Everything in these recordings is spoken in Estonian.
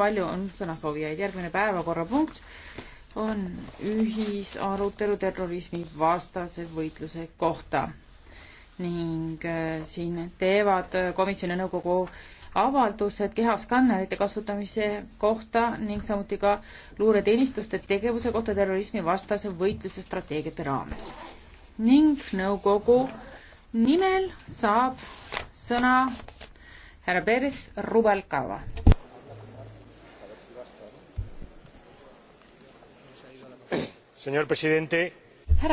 palju on sõnasoovijaid. järgmine päevakorrapunkt on ühisarutelu terrorismi vastase võitluse kohta ning äh, siin teevad äh, komisjoni nõukogu avaldused kehaskannerite kasutamise kohta ning samuti ka luureteenistuste tegevuse kohta terrorismi vastase võitluse strateegiate raames. ning nõukogu nimel saab sõna härra Peres Rubalcava. härra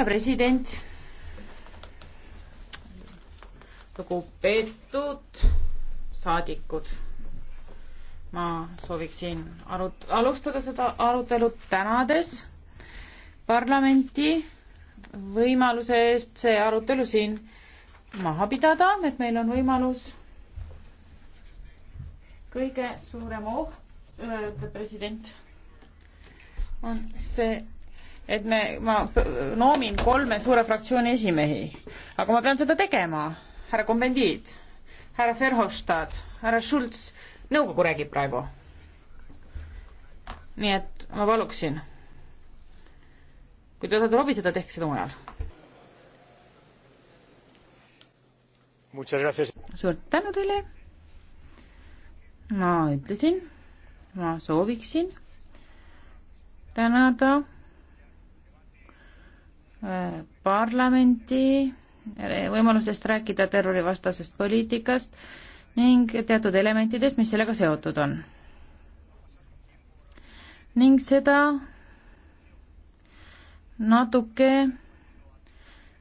president lugupeetud saadikud ma sooviksin arut- alustada seda arutelu tänades parlamenti võimaluse eest see arutelu siin maha pidada et meil on võimalus kõige suurem oht ütleb president on see et me, ma noomin kolme suure fraktsiooni esimehi, aga ma pean seda tegema. härra Kombendiit, härra Verhofstadt, härra Schulz, nõukogu räägib praegu. nii et ma paluksin, kui te tahate lobiseda, tehke seda mujal. suur tänu teile. ma ütlesin, ma sooviksin tänada parlamenti võimalusest rääkida terrorivastasest poliitikast ning teatud elementidest, mis sellega seotud on. ning seda natuke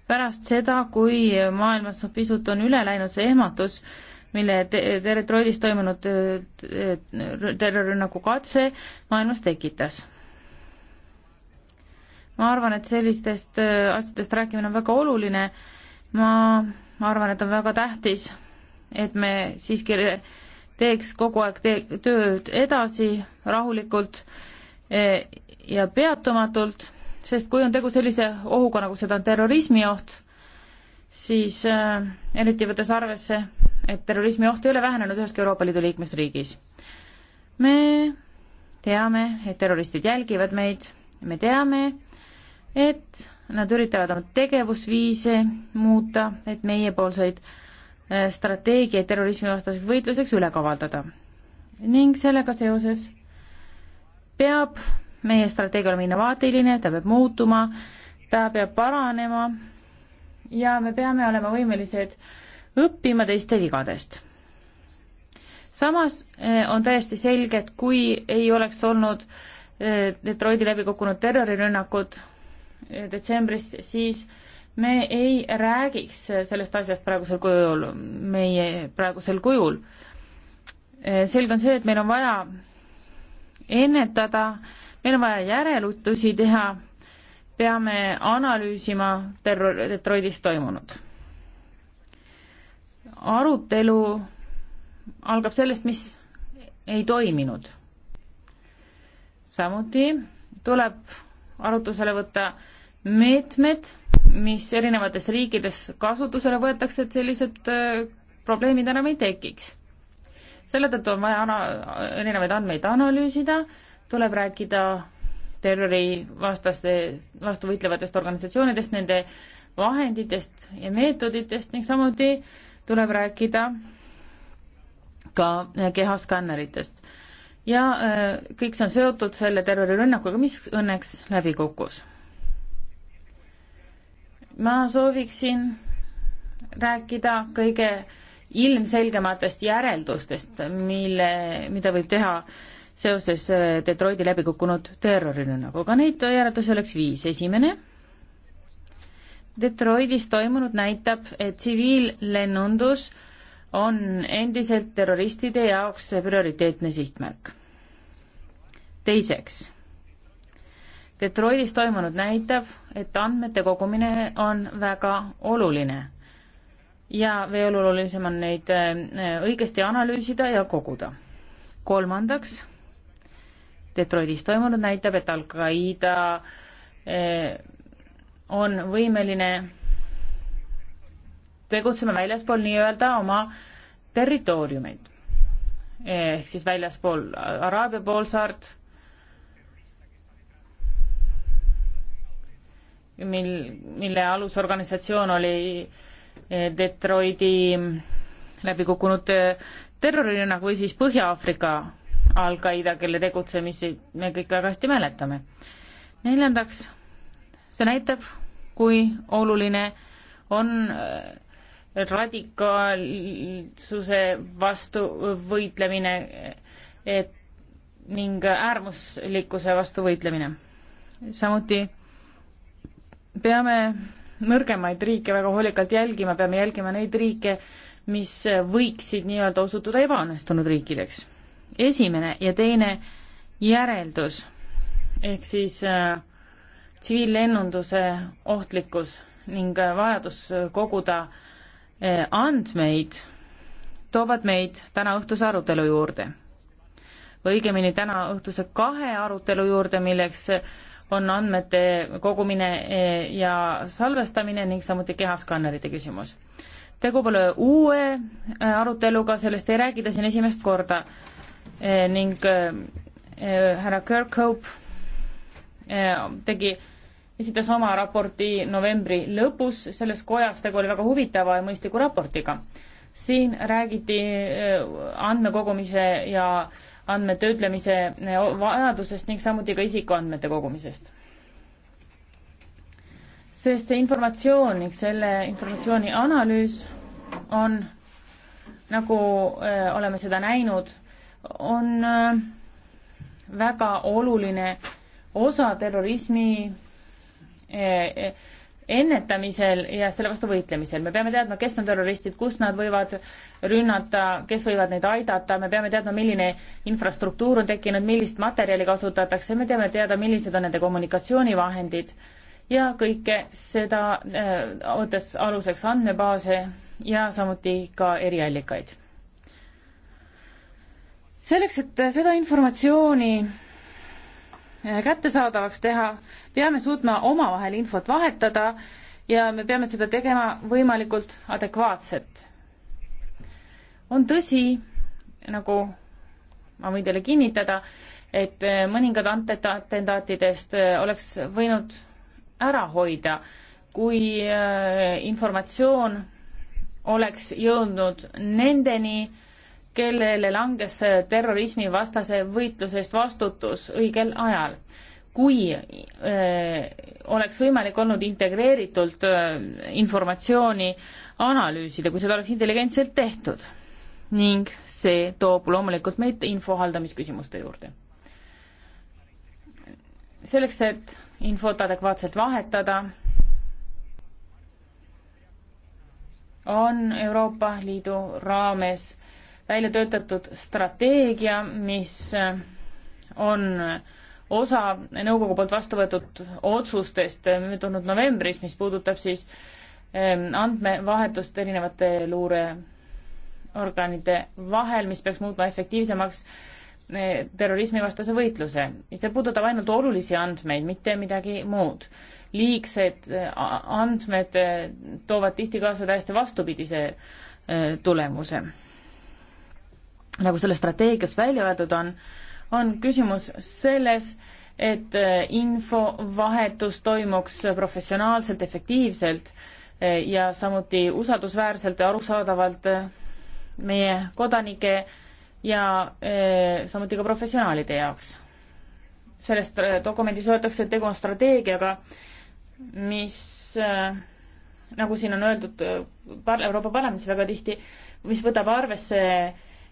pärast seda, kui maailmas pisut on üle läinud see ehmatus, mille Detroitis toimunud terrorirünnaku katse maailmas tekitas ma arvan, et sellistest äh, asjadest rääkimine on väga oluline, ma arvan, et on väga tähtis, et me siiski teeks kogu aeg te tööd edasi rahulikult äh, ja peatumatult, sest kui on tegu sellise ohuga, nagu seda on terrorismioht, siis äh, eriti võttes arvesse, et terrorismioht ei ole vähenenud üheski Euroopa Liidu liikmesriigis. me teame, et terroristid jälgivad meid, me teame, et nad üritavad oma tegevusviise muuta, et meiepoolseid äh, strateegiaid terrorismivastaseks võitluseks üle kavaldada. ning sellega seoses peab meie strateegia olema innovaatiline, ta peab muutuma, ta peab paranema ja me peame olema võimelised õppima teiste vigadest. samas äh, on täiesti selge, et kui ei oleks olnud äh, Detroiti läbi kukkunud terrorirünnakut, detsembris, siis me ei räägiks sellest asjast praegusel kujul, meie praegusel kujul. selge on see, et meil on vaja ennetada, meil on vaja järelutusi teha, peame analüüsima terror-, Detroitis toimunut. arutelu algab sellest, mis ei toiminud. samuti tuleb arutusele võtta meetmed, mis erinevates riikides kasutusele võetakse, et sellised äh, probleemid enam ei tekiks. selle tõttu on vaja ana-, erinevaid andmeid analüüsida, tuleb rääkida terrorivastaste, vastu võitlevatest organisatsioonidest, nende vahenditest ja meetoditest ning samuti tuleb rääkida ka äh, kehaskänneritest. ja äh, kõik see on seotud selle terrorirünnakuga, mis õnneks läbi kukkus ma sooviksin rääkida kõige ilmselgematest järeldustest, mille, mida võib teha seoses äh, Detroiti läbi kukkunud terrorirünnakuga. Nagu neid järeldusi oleks viis. esimene, Detroitis toimunud näitab, et tsiviillennundus on endiselt terroristide jaoks prioriteetne sihtmärk. teiseks Detroitis toimunud näitab, et andmete kogumine on väga oluline ja veel olulisem on neid äh, õigesti analüüsida ja koguda. kolmandaks, Detroitis toimunud näitab, et Al-Qaeda äh, on võimeline tegutsema väljaspool nii-öelda oma territooriumeid ehk siis väljaspool Araabia poolsaart mil, mille alusorganisatsioon oli eh, Detroiti läbikukkunud eh, terrorirünnak või siis Põhja-Aafrika Al-Qaeda, kelle tegutsemisi me kõik väga hästi mäletame. neljandaks, see näitab, kui oluline on eh, radikaalsuse vastu võitlemine et, ning äärmuslikkuse vastu võitlemine. samuti peame nõrgemaid riike väga hoolikalt jälgima, peame jälgima neid riike, mis võiksid nii-öelda osutuda ebaõnnestunud riikideks. esimene ja teine järeldus ehk siis äh, tsiviillennunduse äh, ohtlikkus ning äh, vajadus koguda äh, andmeid toovad meid täna õhtuse arutelu juurde. või õigemini täna õhtuse kahe arutelu juurde, milleks on andmete kogumine e, ja salvestamine ning samuti kehaskannarite küsimus. tegu pole uue e, aruteluga, sellest ei räägida siin esimest korda e, ning härra Kirkhope tegi, esitas oma raporti novembri lõpus selles kojas, tegu oli väga huvitava ja mõistliku raportiga. siin räägiti andmekogumise ja äh, andmete ütlemise eh, vajadusest ning samuti ka isikuandmete kogumisest. sest see informatsioon ning selle informatsiooni analüüs on, nagu öö, eh, oleme seda näinud, on öö, eh, väga oluline osa terrorismi öö, ennetamisel ja selle vastu võitlemisel. me peame teadma, kes on terroristid, kus nad võivad rünnata, kes võivad neid aidata, me peame teadma, milline infrastruktuur on tekkinud, millist materjali kasutatakse, me teame teada, millised on nende kommunikatsioonivahendid ja kõike seda võttes äh, aluseks andmebaase ja samuti ka eriallikaid. selleks, et seda informatsiooni kättesaadavaks teha, peame suutma omavahel infot vahetada ja me peame seda tegema võimalikult adekvaatselt. on tõsi, nagu ma võin teile kinnitada, et eh, mõningad atentaatidest eh, oleks võinud ära hoida, kui eh, informatsioon oleks jõudnud nendeni, kellele langes terrorismivastase võitluse eest vastutus õigel ajal. kui öö, äh, oleks võimalik olnud integreeritult öö, äh, informatsiooni analüüsida, kui seda oleks intelligentselt tehtud ning see toob loomulikult meid info haldamisküsimuste juurde. selleks, et infot adekvaatselt vahetada, on Euroopa Liidu raames välja töötatud strateegia, mis on osa nõukogu poolt vastu võetud otsustest möödunud novembris, mis puudutab siis ehm, andmevahetust erinevate luureorganite vahel, mis peaks muutma efektiivsemaks eh, terrorismivastase võitluse. see puudutab ainult olulisi andmeid, mitte midagi muud. liigsed eh, andmed eh, toovad tihti kaasa täiesti vastupidise tulemuse nagu selles strateegias välja öeldud on, on küsimus selles, et äh, infovahetus toimuks professionaalselt, efektiivselt äh, ja samuti usaldusväärselt ja arusaadavalt äh, meie kodanike ja samuti ka professionaalide jaoks. selles dokumendis öeldakse, et tegu on strateegiaga, mis nagu siin on öeldud Euroopa Parlamendis väga tihti, mis võtab arvesse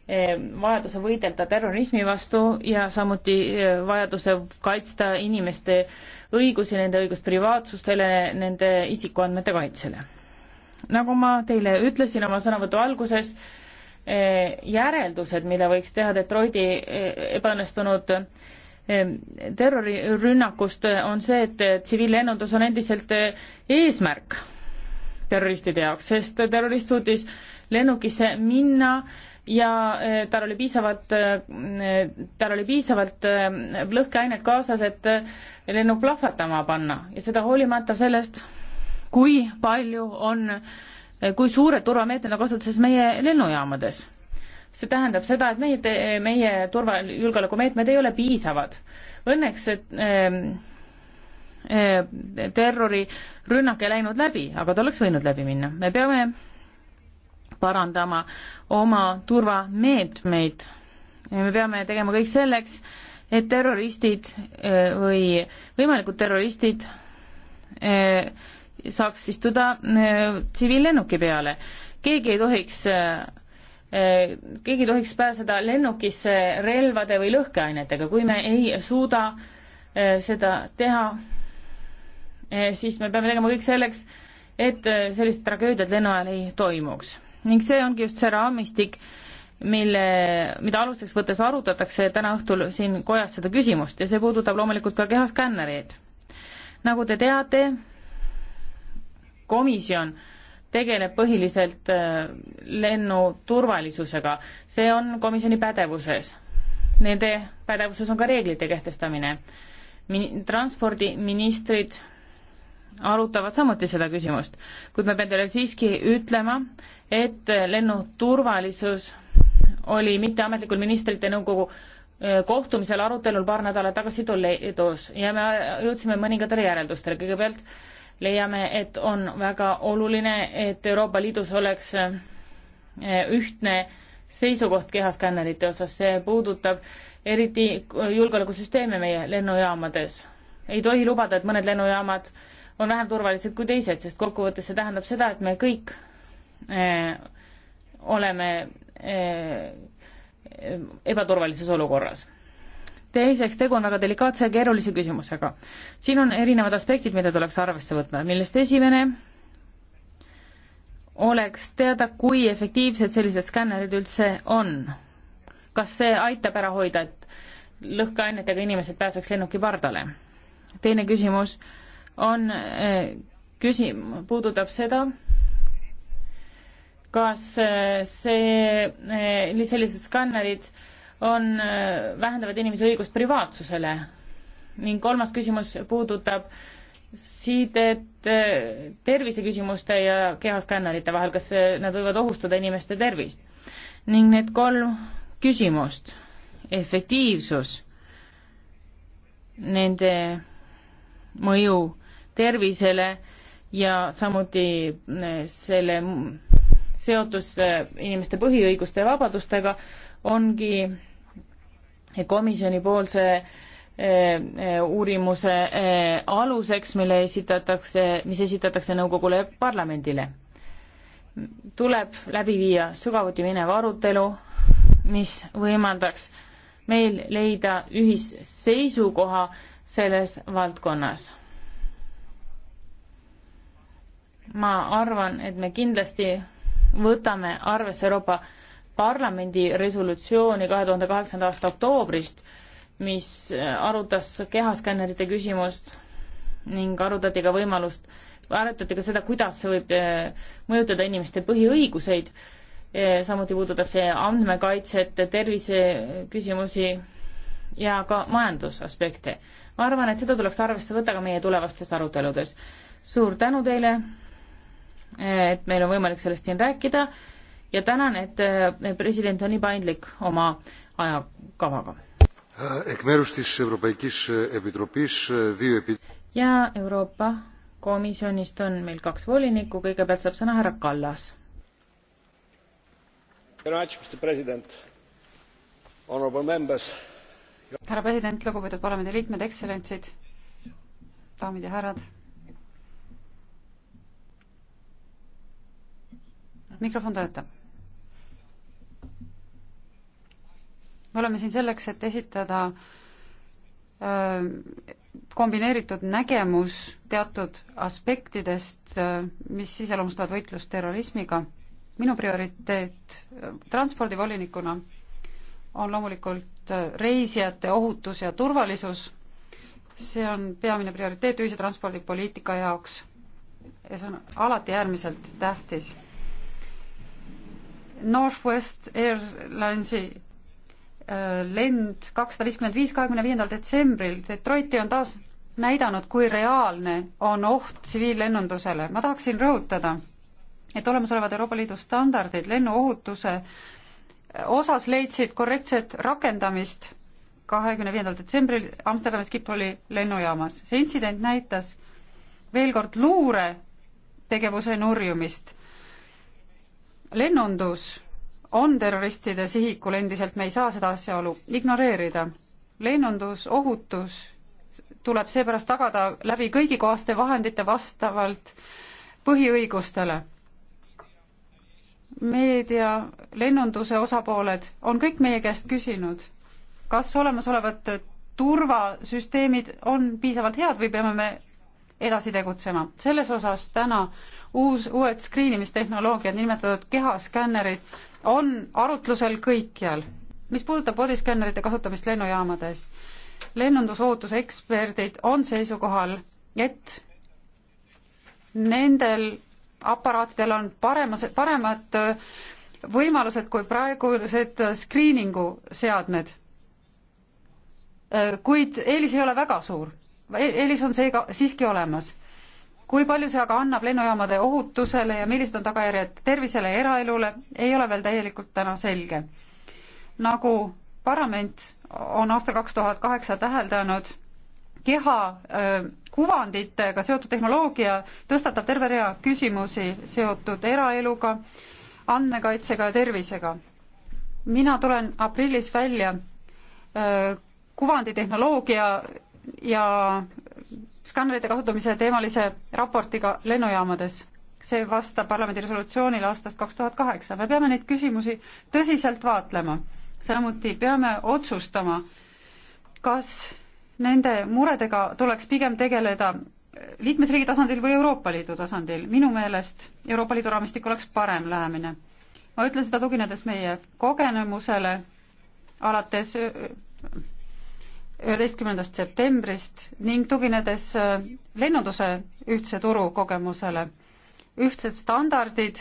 Eh, vajaduse võidelda terrorismi vastu ja samuti eh, vajaduse kaitsta inimeste õigusi, nende õigust privaatsustele, nende isikuandmete kaitsele. nagu ma teile ütlesin oma sõnavõtu alguses, eh, järeldused, mille võiks teha Detroiti ebaõnnestunud terrorirünnakust, on see, et tsiviillennundus on endiselt eesmärk terroristide jaoks, sest terrorist suutis lennukisse minna äh, ja äh, äh, tal oli piisavalt, tal oli piisavalt äh, lõhkeainet kaasas, et lennuk plahvatama panna ja seda hoolimata sellest, kui palju on, kui suured turvameetmed on kasutuses meie lennujaamades. see tähendab seda, et meie, meie turva, julgeolekumeetmed ei ole piisavad. Õnneks, et ähm, äh, terrorirünnak ei läinud läbi, aga ta oleks võinud läbi minna. me peame parandama oma turvameetmeid. me peame tegema kõik selleks, et terroristid eh, või võimalikud terroristid eh, saaks istuda eh, tsiviillennuki peale. keegi ei tohiks, keegi ei tohiks pääseda lennukisse relvade või lõhkeainetega, kui me ei suuda seda teha, siis me peame tegema kõik selleks, et sellist tragöödiat lennu ajal ei toimuks ning see ongi just see raamistik, mille, mida aluseks võttes arutatakse täna õhtul siin kojas seda küsimust ja see puudutab loomulikult ka kehaskännereid. nagu te teate, komisjon tegeleb põhiliselt äh, lennuturvalisusega, see on komisjoni pädevuses. Nende pädevuses on ka reeglite kehtestamine. transpordiministrid arutavad samuti seda küsimust, kuid ma pean teile siiski ütlema, et lennuturvalisus oli mitteametlikul ministrite nõukogu eh, kohtumisel arutelul paar nädalat tagasi Toledos ja me jõudsime mõningatele järeldustele. kõigepealt leiame, et on väga oluline, et Euroopa Liidus oleks eh, ühtne seisukoht kehaskännerite osas, see puudutab eriti julgeolekusüsteeme meie lennujaamades. ei tohi lubada, et mõned lennujaamad äh, on vähem turvalised kui teised, sest kokkuvõttes see tähendab seda, et me kõik eh, oleme eh, ebaturvalises olukorras. teiseks, tegu on väga delikaatse ja keerulise küsimusega. siin on erinevad aspektid, mida tuleks arvesse võtma, millest esimene oleks teada, kui efektiivsed sellised skännerid üldse on. kas see aitab ära hoida, et lõhkeainetega inimesed pääseks lennuki pardale? teine küsimus äh, on eh, küsim-, puudutab seda, kas eh, see, eh, sellised skannerid on, vähendavad inimese õigust privaatsusele ning kolmas küsimus puudutab sidet terviseküsimuste ja kehaskännerite vahel, kas nad võivad ohustada inimeste tervist. ning need kolm küsimust, efektiivsus, nende mõju tervisele ja samuti eh, selle seotus eh, inimeste põhiõiguste ja vabadustega ongi komisjonipoolse eh, uurimuse aluseks, mille esitatakse, mis esitatakse nõukogule ja parlamendile. tuleb läbi viia sügavuti minev arutelu, mis võimaldaks meil leida ühisseisukoha selles valdkonnas ma arvan, et me kindlasti võtame arvesse Euroopa Parlamendi resolutsiooni kahe tuhande kaheksanda aasta oktoobrist, mis äh, arutas kehaskännerite küsimust ning arutati ka võimalust, arutati ka seda, kuidas see võib äh, mõjutada inimeste põhiõiguseid, äh, samuti puudutab see andmekaitset, terviseküsimusi ja ka majandusaspekte. ma arvan, et seda tuleks arvesse võtta ka meie tulevastes aruteludes. suur tänu teile! et meil on võimalik sellest siin rääkida ja tänan, et eh, president on nii paindlik oma ajakavaga. Äh, äh, äh, ja Euroopa Komisjonist on meil kaks volinikku, kõigepealt saab sõna härra Kallas. härra president, lugupeetud parlamendiliikmed, ekstsellentsid, daamid ja härrad mikrofon töötab. me oleme siin selleks, et esitada kombineeritud nägemus teatud aspektidest, mis iseloomustavad võitlust terrorismiga. minu prioriteet transpordivolinikuna on loomulikult reisijate ohutus ja turvalisus, see on peamine prioriteet ühise transpordipoliitika jaoks ja see on alati äärmiselt tähtis Northwest Airlinesi äh, lend kakssada viiskümmend viis kahekümne viiendal detsembril Detroiti on taas näidanud, kui reaalne on oht tsiviillennundusele. ma tahaksin rõhutada, et olemasolevad Euroopa Liidu standardid lennuohutuse osas leidsid korrektset rakendamist kahekümne viiendal detsembril Amsterdamis Schipholi lennujaamas. see intsident näitas veel kord luure tegevuse nurjumist lennundus on terroristide sihikul endiselt, me ei saa seda asjaolu ignoreerida. lennundusohutus tuleb seepärast tagada läbi kõigi kohaste vahendite vastavalt põhiõigustele. meedia, lennunduse osapooled on kõik meie käest küsinud, kas olemasolevad turvasüsteemid on piisavalt head või peame me edasi tegutsema. selles osas täna uus, uued skriinimistehnoloogiad, nimetatud kehaskännerid, on arutlusel kõikjal. mis puudutab bodiskannerite kasutamist lennujaamades, lennundusohutuse eksperdid on seisukohal, et nendel aparaatidel on paremas, paremad äh, võimalused kui praegused äh, screening'u seadmed. Äh, kuid eelis ei ole väga suur E-, eelis on seega siiski olemas. kui palju see aga annab lennujaamade ohutusele ja millised on tagajärjed tervisele ja eraelule, ei ole veel täielikult täna selge. nagu parlament on aastal kaks tuhat kaheksa täheldanud, keha kuvanditega seotud tehnoloogia tõstatab terve rea küsimusi seotud eraeluga, andmekaitsega ja tervisega. mina tulen aprillis välja kuvanditehnoloogia ja skannerite kasutamise teemalise raportiga lennujaamades. see vastab parlamendi resolutsioonile aastast kaks tuhat kaheksa. me peame neid küsimusi tõsiselt vaatlema. samuti peame otsustama, kas nende muredega tuleks pigem tegeleda liikmesriigi tasandil või Euroopa Liidu tasandil. minu meelest Euroopa Liidu raamistik oleks parem lähemine. ma ütlen seda tuginedes meie kogenemusele alates üheteistkümnendast septembrist ning tuginedes äh, lennunduse ühtse turu kogemusele. ühtsed standardid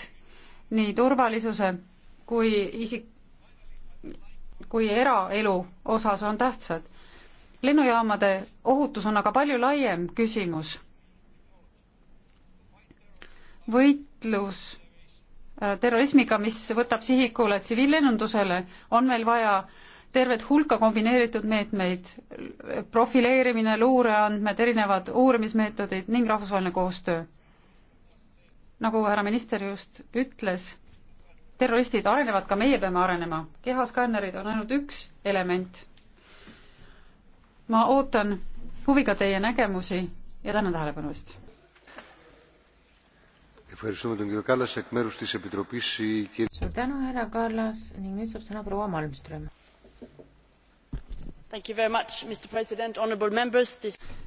nii turvalisuse kui isik, kui eraelu osas on tähtsad. lennujaamade ohutus on aga palju laiem küsimus. võitlus äh, terrorismiga, mis võtab sihikule tsiviillennundusele, on meil vaja äh, tervet hulka kombineeritud meetmeid, profileerimine, luureandmed, erinevad uurimismeetodid ning rahvusvaheline koostöö. nagu härra minister just ütles, terroristid arenevad, ka meie peame arenema. kehaskannerid on ainult üks element. ma ootan huviga teie nägemusi ja tänan tähelepanu eest. suur tänu, härra Kallas ning nüüd saab sõna proua Malmström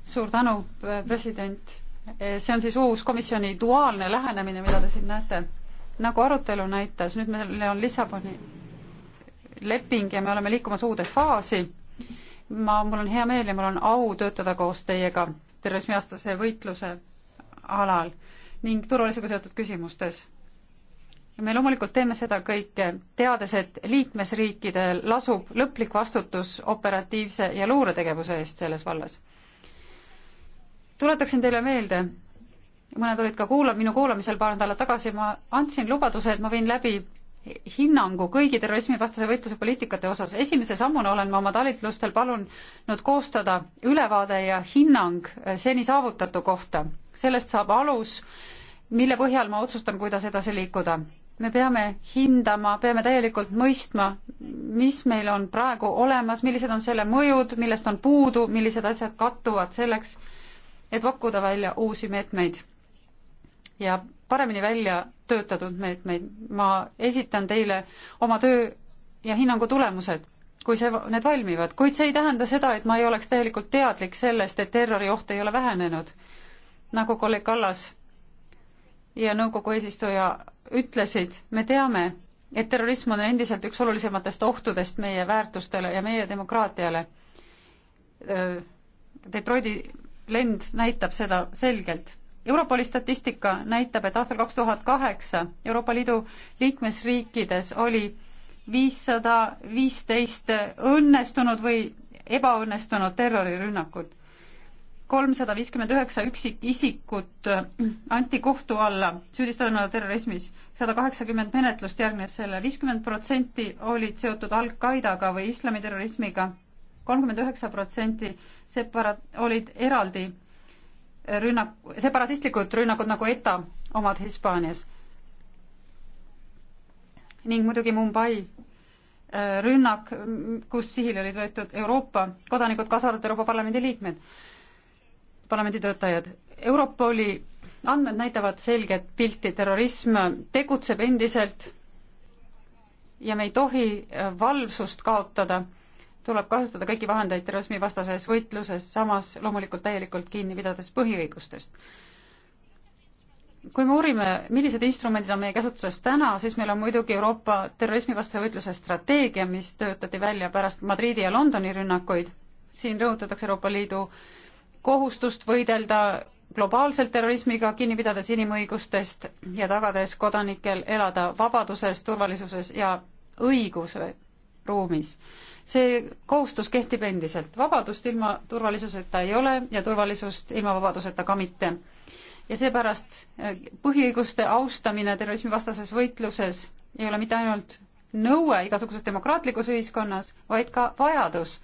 suur tänu, eh, president. Eh, see on siis uus komisjoni duaalne lähenemine, mida te siin näete. nagu arutelu näitas, nüüd meil on Lissaboni leping ja me oleme liikumas uude faasi. ma, mul on hea meel ja mul on au töötada koos teiega terrorismiastase võitluse alal ning turvalisusega seotud küsimustes ja me loomulikult teeme seda kõike, teades, et liikmesriikidel lasub lõplik vastutus operatiivse ja luuretegevuse eest selles vallas. tuletaksin teile meelde, mõned olid ka kuula-, minu kuulamisel paar nädalat tagasi, ma andsin lubaduse, et ma viin läbi hinnangu kõigi terrorismivastase võitluse poliitikate osas. esimese sammuna olen ma oma talitlustel palunud koostada ülevaade ja hinnang seni saavutatu kohta. sellest saab alus, mille põhjal ma otsustan, kuidas edasi liikuda me peame hindama, peame täielikult mõistma, mis meil on praegu olemas, millised on selle mõjud, millest on puudu, millised asjad kattuvad selleks, et pakkuda välja uusi meetmeid ja paremini välja töötatud meetmeid. ma esitan teile oma töö ja hinnangu tulemused, kui see, need valmivad, kuid see ei tähenda seda, et ma ei oleks täielikult teadlik sellest, et terrorioht ei ole vähenenud, nagu kolleeg Kallas ja nõukogu eesistuja ütlesid, me teame, et terrorism on endiselt üks olulisematest ohtudest meie väärtustele ja meie demokraatiale. Detroiti lend näitab seda selgelt. Europoli statistika näitab, et aastal kaks tuhat kaheksa Euroopa Liidu liikmesriikides oli viissada viisteist õnnestunud või ebaõnnestunud terrorirünnakut kolmsada viiskümmend üheksa üksikisikut äh, anti kohtu alla süüdistatuna terrorismis, sada kaheksakümmend menetlust järgnes selle, viiskümmend protsenti olid seotud Al-Qaedaga või islamiterrorismiga, kolmkümmend üheksa protsenti separa-, olid eraldi äh, rünnak, separatistlikud rünnakud nagu ETA omad Hispaanias. ning muidugi Mumbai äh, rünnak, kus sihile olid võetud Euroopa kodanikud, kaasa arvatud Euroopa Parlamendi liikmed parlamendi töötajad. Europoli andmed näitavad selget pilti, terrorism tegutseb endiselt ja me ei tohi valvsust kaotada, tuleb kasutada kõiki vahendeid terrorismivastases võitluses, samas loomulikult täielikult kinni pidades põhiõigustest. kui me uurime, millised instrumendid on meie käsutuses täna, siis meil on muidugi Euroopa terrorismivastase võitluse strateegia, mis töötati välja pärast Madridi ja Londoni rünnakuid, siin rõhutatakse Euroopa Liidu äh, kohustust võidelda globaalselt terrorismiga, kinni pidades inimõigustest ja tagades kodanikel elada vabaduses, turvalisuses ja õigusruumis. see kohustus kehtib endiselt, vabadust ilma turvalisuseta ei ole ja turvalisust ilma vabaduseta ka mitte. ja seepärast eh, põhiõiguste austamine terrorismivastases võitluses ei ole mitte ainult nõue igasuguses demokraatlikus ühiskonnas, vaid ka vajadus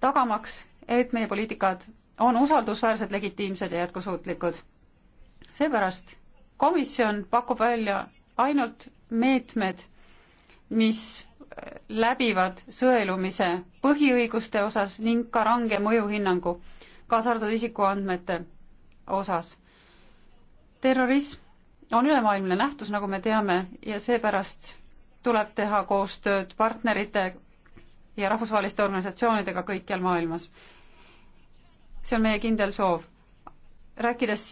tagamaks, et meie poliitikad on usaldusväärsed, legitiimsed ja jätkusuutlikud. seepärast komisjon pakub välja ainult meetmed, mis läbivad sõelumise põhiõiguste osas ning ka range mõjuhinnangu, kaasa arvatud isikuandmete osas. terrorism on ülemaailmne nähtus, nagu me teame, ja seepärast tuleb teha koostööd partnerite ja rahvusvaheliste organisatsioonidega kõikjal maailmas see on meie kindel soov. rääkides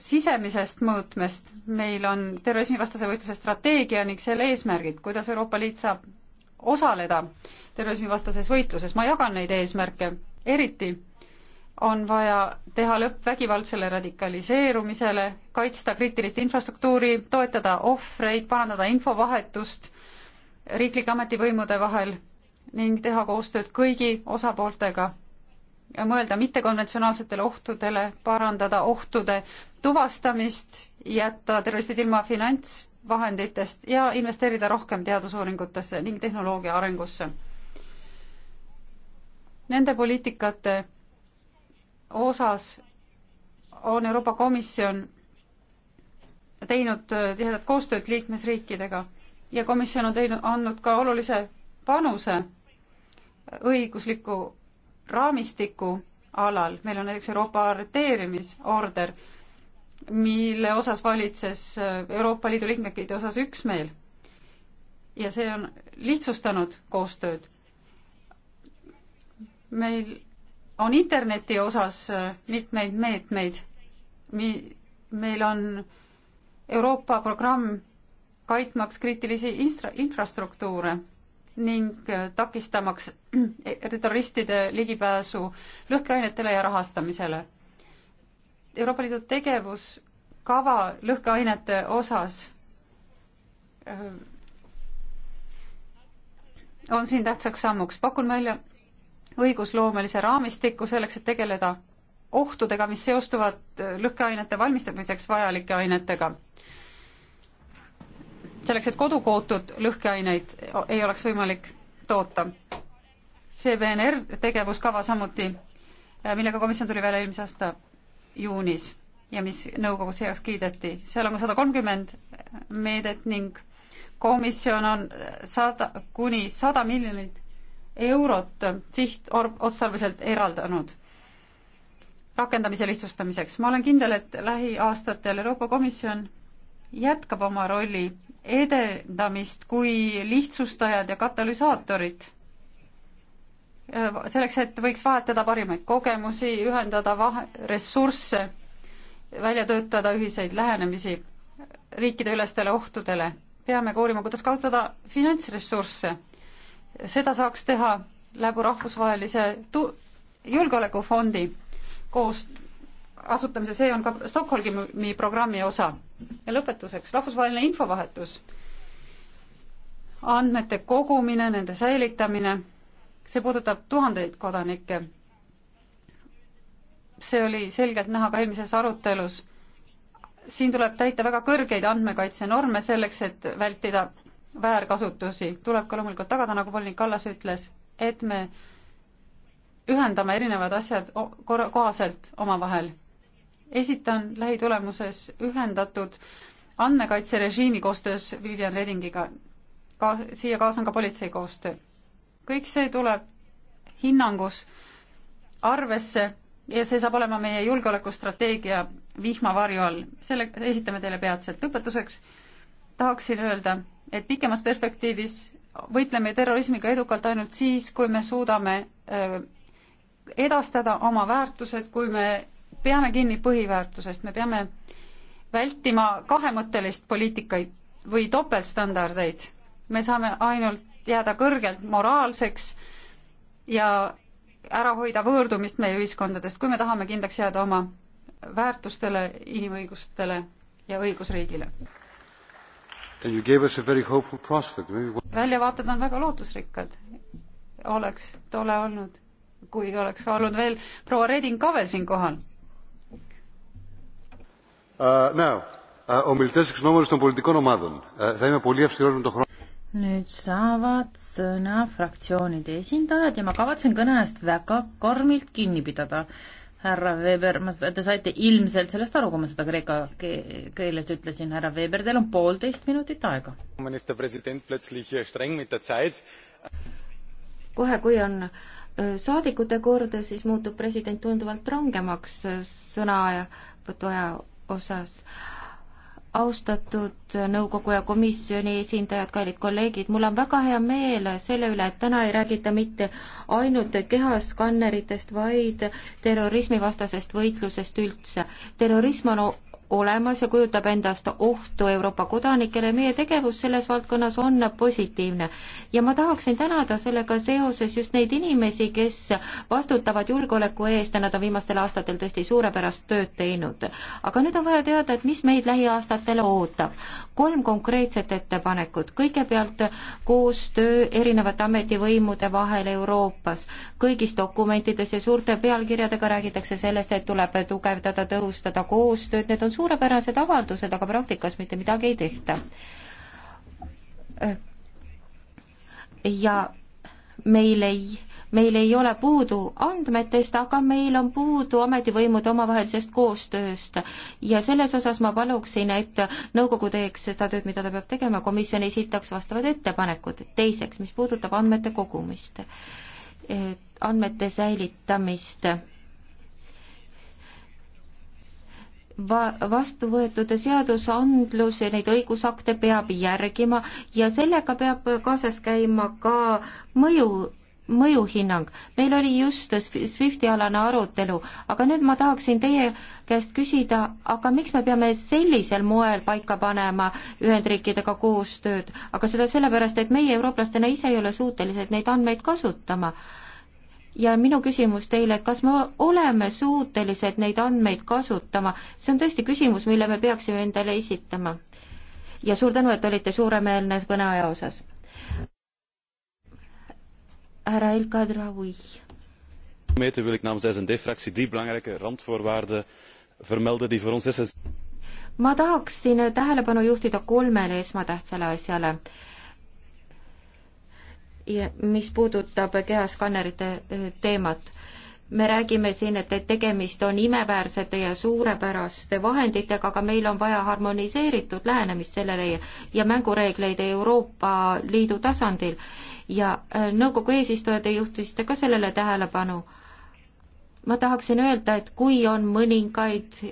sisemisest mõõtmest, meil on terrorismivastase võitluse strateegia ning selle eesmärgid, kuidas Euroopa Liit saab osaleda terrorismivastases võitluses, ma jagan neid eesmärke, eriti on vaja teha lõpp vägivaldsele radikaliseerumisele, kaitsta kriitilist infrastruktuuri, toetada ohvreid, parandada infovahetust riiklike ametivõimude vahel ning teha koostööd kõigi osapooltega mõelda mittekonventsionaalsetele ohtudele, parandada ohtude tuvastamist, jätta terroristid ilma finantsvahenditest ja investeerida rohkem teadusuuringutesse ning tehnoloogia arengusse. Nende poliitikate osas on Euroopa Komisjon teinud äh, tihedat koostööd liikmesriikidega ja komisjon on teinud, andnud ka olulise panuse õigusliku raamistiku alal, meil on näiteks Euroopa arreteerimisorder, mille osas valitses äh, Euroopa Liidu liikmekirjade osas üksmeel. ja see on lihtsustanud koostööd. meil on interneti osas äh, mitmeid meetmeid, mi-, meil on Euroopa programm kaitmaks kriitilisi instra-, infrastruktuure ning äh, takistamaks terroristide ligipääsu lõhkeainetele ja rahastamisele. Euroopa Liidu tegevuskava lõhkeainete osas äh, on siin tähtsaks sammuks. pakun välja õigusloomelise raamistiku selleks, et tegeleda ohtudega, mis seostuvad äh, lõhkeainete valmistamiseks vajalike ainetega selleks, et kodukootud lõhkeaineid ei oleks võimalik toota. CVNR tegevuskava samuti, äh, millega komisjon tuli välja eelmise aasta juunis ja mis nõukogus heaks kiideti, seal on ka sada kolmkümmend meedet ning komisjon on äh, sada, kuni sada miljonit eurot sihtotstarbeliselt eraldanud rakendamise lihtsustamiseks. ma olen kindel, et lähiaastatel Euroopa Komisjon jätkab oma rolli edendamist kui lihtsustajad ja katalüsaatorid. selleks, et võiks vahetada parimaid kogemusi, ühendada vahe, ressursse, välja töötada ühiseid lähenemisi riikideülestele ohtudele, peame ka uurima, kuidas kasutada finantsressursse. seda saaks teha läbi rahvusvahelise tu-, julgeolekufondi koos asutamise, see on ka Stockholmi programmi osa. ja lõpetuseks, rahvusvaheline infovahetus, andmete kogumine, nende säilitamine, see puudutab tuhandeid kodanikke. see oli selgelt näha ka eelmises arutelus. siin tuleb täita väga kõrgeid andmekaitsenorme selleks, et vältida väärkasutusi, tuleb ka loomulikult tagada, nagu volinik Kallas ütles, et me ühendame erinevad asjad kohaselt omavahel esitan lähitulemuses ühendatud andmekaitserežiimi koostöös Vivian Redingiga. ka siia kaasan ka politsei koostöö. kõik see tuleb hinnangus arvesse ja see saab olema meie julgeolekustrateegia vihmavarju all. selle esitame teile peatselt. lõpetuseks tahaksin öelda, et pikemas perspektiivis võitleme terrorismiga edukalt ainult siis, kui me suudame äh, edastada oma väärtused, kui me peame kinni põhiväärtusest, me peame vältima kahemõttelist poliitikaid või topeltstandardeid. me saame ainult jääda kõrgelt moraalseks ja ära hoida võõrdumist meie ühiskondadest, kui me tahame kindlaks jääda oma väärtustele, inimõigustele ja õigusriigile. väljavaated on väga lootusrikkad. oleks tore olnud, kui oleks olnud veel proua Reding ka veel siin kohal nüüd saavad sõna fraktsioonide esindajad ja ma kavatsen kõne eest väga karmilt kinni pidada. härra Weber, ma, te saite ilmselt sellest aru, kui ma seda kreeka keeles ütlesin, härra Weber, teil on poolteist minutit aega. Äh, kohe, kui on äh, saadikute kord, siis muutub president tunduvalt rangemaks äh, sõnavõtu aja osas. austatud nõukogu ja komisjoni esindajad, kallid kolleegid, mul on väga hea meel selle üle, et täna ei räägita mitte ainult kehaskanneritest, vaid terrorismivastasest võitlusest üldse. terrorism on olemas ja kujutab endast ohtu Euroopa kodanikele ja meie tegevus selles valdkonnas on positiivne. ja ma tahaksin tänada sellega seoses just neid inimesi, kes vastutavad julgeoleku eest ja nad on viimastel aastatel tõesti suurepärast tööd teinud. aga nüüd on vaja teada, et mis meid lähiaastatel ootab. kolm konkreetset ettepanekut. kõigepealt koostöö erinevate ametivõimude vahel Euroopas. kõigis dokumentides ja suurte pealkirjadega räägitakse sellest, et tuleb tugevdada, tõhustada koostööd, need on on suurepärased avaldused, aga praktikas mitte midagi ei tehta. ja meil ei meil ei ole puudu andmetest, aga meil on puudu ametivõimude omavahelisest koostööst. ja selles osas ma paluksin, et nõukogu teeks seda tööd, mida ta peab tegema, komisjon esitaks vastavad ettepanekud. teiseks, mis puudutab andmete kogumist, eh, andmete säilitamist va-, vastu võetud seadusandlus ja neid õigusakte peab järgima ja sellega peab kaasas käima ka mõju, mõjuhinnang. meil oli just SWIFTi alane arutelu, aga nüüd ma tahaksin teie käest küsida, aga miks me peame sellisel moel paika panema Ühendriikidega koostööd, aga seda sellepärast, et meie eurooplastena ise ei ole suutelised neid andmeid kasutama ja minu küsimus teile, kas me oleme suutelised neid andmeid kasutama, see on tõesti küsimus, mille me peaksime endale esitama. ja suur tänu, et olite suuremeelne kõneaja osas. härra Ilka Draui. meeter wil ik namens SND fractie drie belangrijke randvoorwaarden vermelden die voor ons SS ma tahaksin tähelepanu juhtida kolmele esmatähtsale asjale mis puudutab kehaskannерite eh, teemat. me räägime siin, et, et tegemist on imeväärsete ja suurepäraste vahenditega, aga meil on vaja harmoniseeritud lähenemist sellele ja mängureegleid Euroopa Liidu tasandil. ja eh, nõukogu eesistuja, te juhtisite ka sellele tähelepanu. ma tahaksin öelda, et kui on mõningaid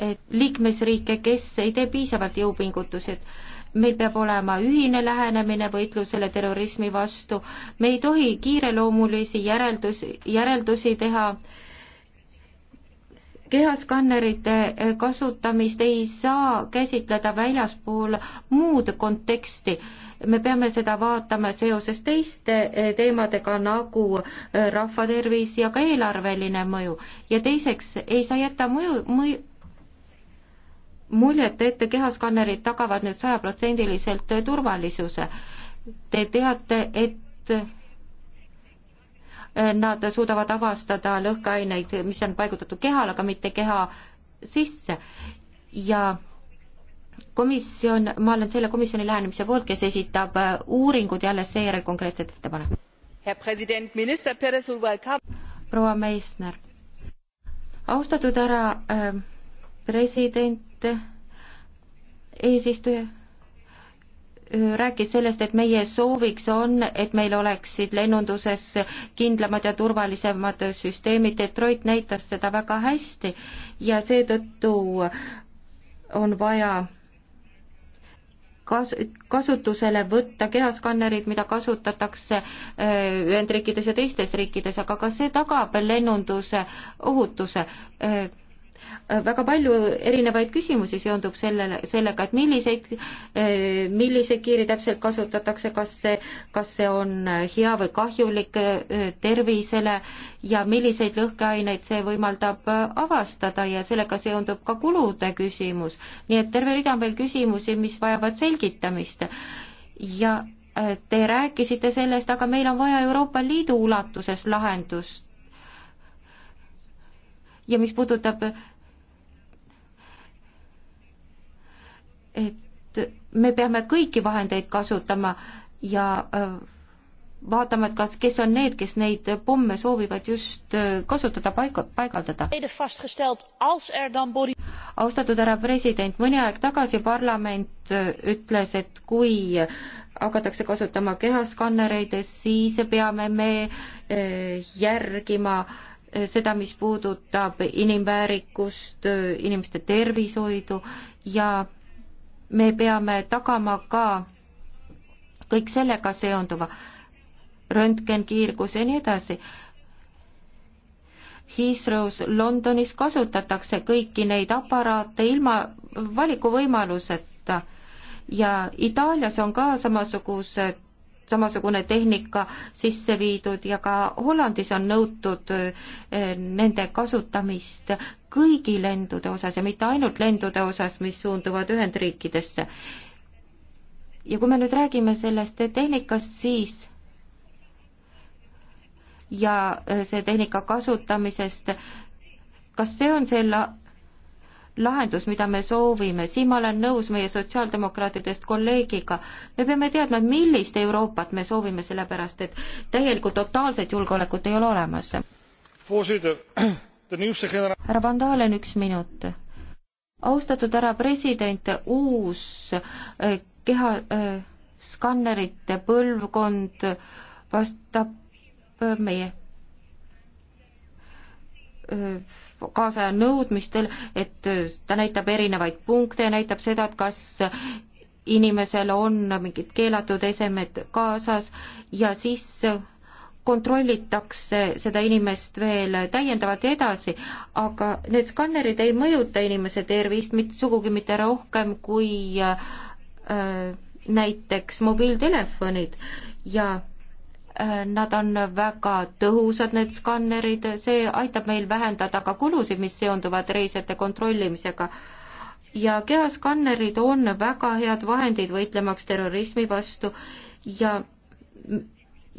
et liikmesriike, kes ei tee piisavalt jõupingutusi, et meil peab olema ühine lähenemine võitlusele terrorismi vastu, me ei tohi kiireloomulisi järeldus, järeldusi teha, kehaskannerite eh, kasutamist ei saa käsitleda väljaspool muud konteksti, me peame seda vaatama seoses teiste eh, teemadega, nagu eh, rahvatervis ja ka eelarveline mõju. ja teiseks, ei saa jätta mõju, mõju, muljet, et kehaskannerid tagavad nüüd sajaprotsendiliselt turvalisuse. Te teate, et eh, nad suudavad avastada lõhkeaineid, mis on paigutatud kehal, aga mitte keha sisse ja komisjon, ma olen selle komisjoni lähenemise poolt, kes esitab eh, uuringud ja alles seejärel konkreetsed ettepanekud. proua Meissner, austatud härra äh, president, et eesistuja rääkis sellest, et meie sooviks on, et meil oleksid lennunduses kindlamad ja turvalisemad süsteemid, Detroit näitas seda väga hästi ja seetõttu on vaja kas-, kasutusele võtta kehaskannerid, mida kasutatakse Ühendriikides ja teistes riikides, aga kas see tagab lennunduse ohutuse? väga palju erinevaid küsimusi seondub sellele, sellega, et milliseid, eh, milliseid kiiri täpselt kasutatakse, kas see, kas see on hea või kahjulik eh, tervisele ja milliseid lõhkeaineid see võimaldab eh, avastada ja sellega seondub ka kulude küsimus. nii et terve rida on veel küsimusi, mis vajavad selgitamist ja te rääkisite sellest, aga meil on vaja Euroopa Liidu ulatuses lahendust. ja mis puudutab et me peame kõiki vahendeid kasutama ja äh, vaatama, et kas, kes on need, kes neid pomme soovivad just äh, kasutada, paiga, paigaldada. Er austatud härra president, mõni aeg tagasi parlament äh, ütles, et kui hakatakse kasutama kehaskannereid, siis peame me järgima seda, mis puudutab inimväärikust, inimeste tervishoidu ja me peame tagama ka kõik sellega seonduva, röntgenkiirgus ja nii edasi. Heathrow's Londonis kasutatakse kõiki neid aparaate ilma valikuvõimaluseta ja Itaalias on ka samasugused samasugune tehnika sisse viidud ja ka Hollandis on nõutud eh, nende kasutamist kõigi lendude osas ja mitte ainult lendude osas, mis suunduvad Ühendriikidesse. ja kui me nüüd räägime sellest tehnikast, siis ja eh, see tehnika kasutamisest, kas see on selle lahendus, mida me soovime, siin ma olen nõus meie sotsiaaldemokraatidest kolleegiga, me peame teadma, millist Euroopat me soovime, sellepärast et täielikku totaalset julgeolekut ei ole olemas. härra Van Dalen, üks minut. austatud härra president, uus äh, keha äh, skannerite põlvkond vastab äh, meie äh, kaasaja nõudmistel, et ta näitab erinevaid punkte ja näitab seda, et kas inimesel on mingid keelatud esemed kaasas ja siis kontrollitakse seda inimest veel täiendavalt edasi, aga need skannerid ei mõjuta inimese tervist mitte sugugi mitte rohkem kui äh, näiteks mobiiltelefonid ja Nad on väga tõhusad, need skannerid, see aitab meil vähendada ka kulusid, mis seonduvad reisijate kontrollimisega. ja kehaskannerid on väga head vahendid võitlemaks terrorismi vastu ja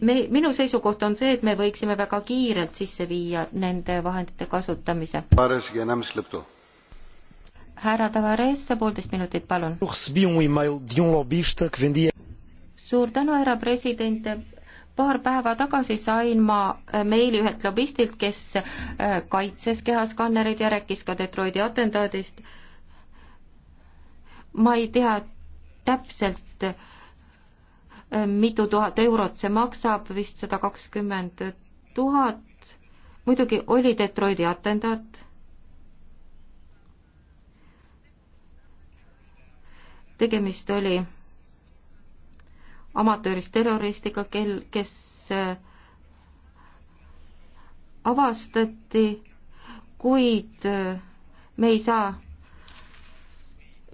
me, minu seisukoht on see, et me võiksime väga kiirelt sisse viia nende vahendite kasutamise. härra Tavares, poolteist minutit, palun. Um um suur tänu, härra president, paar päeva tagasi sain ma äh, meili ühelt lobistilt, kes äh, kaitses kehaskannereid ja rääkis ka Detroiti atentaadist. ma ei tea täpselt, äh, mitu tuhat eurot see maksab, vist sada kakskümmend tuhat. muidugi oli Detroiti atentaat. tegemist oli amatöörist terroristiga, kel, kes äh, avastati, kuid äh, me ei saa,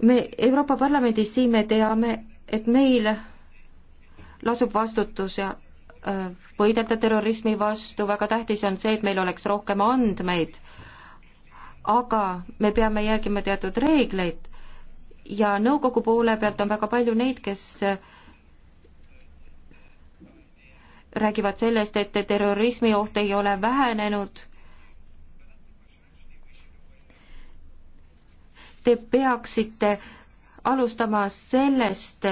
me Euroopa Parlamendis siin me teame, et meil lasub vastutus ja äh, võidelda terrorismi vastu, väga tähtis on see, et meil oleks rohkem andmeid, aga me peame järgima teatud reegleid ja nõukogu poole pealt on väga palju neid, kes räägivad sellest, et terrorismioht ei ole vähenenud. Te peaksite alustama sellest,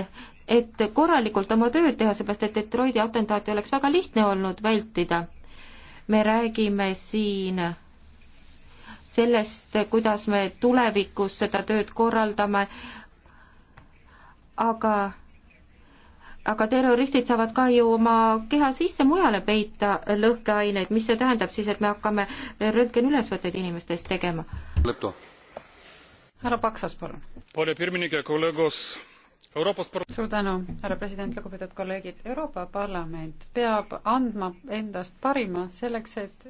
et korralikult oma tööd teha, seepärast et Detroiti atentaati oleks väga lihtne olnud vältida. me räägime siin sellest, kuidas me tulevikus seda tööd korraldame, aga aga terroristid saavad ka ju oma keha sisse mujale peita lõhkeaineid, mis see tähendab siis, et me hakkame röntgenülesvõtteid inimestest tegema? härra Paksas, palun. suur tänu, härra president, lugupeetud kolleegid. Euroopa Parlament peab andma endast parima selleks, et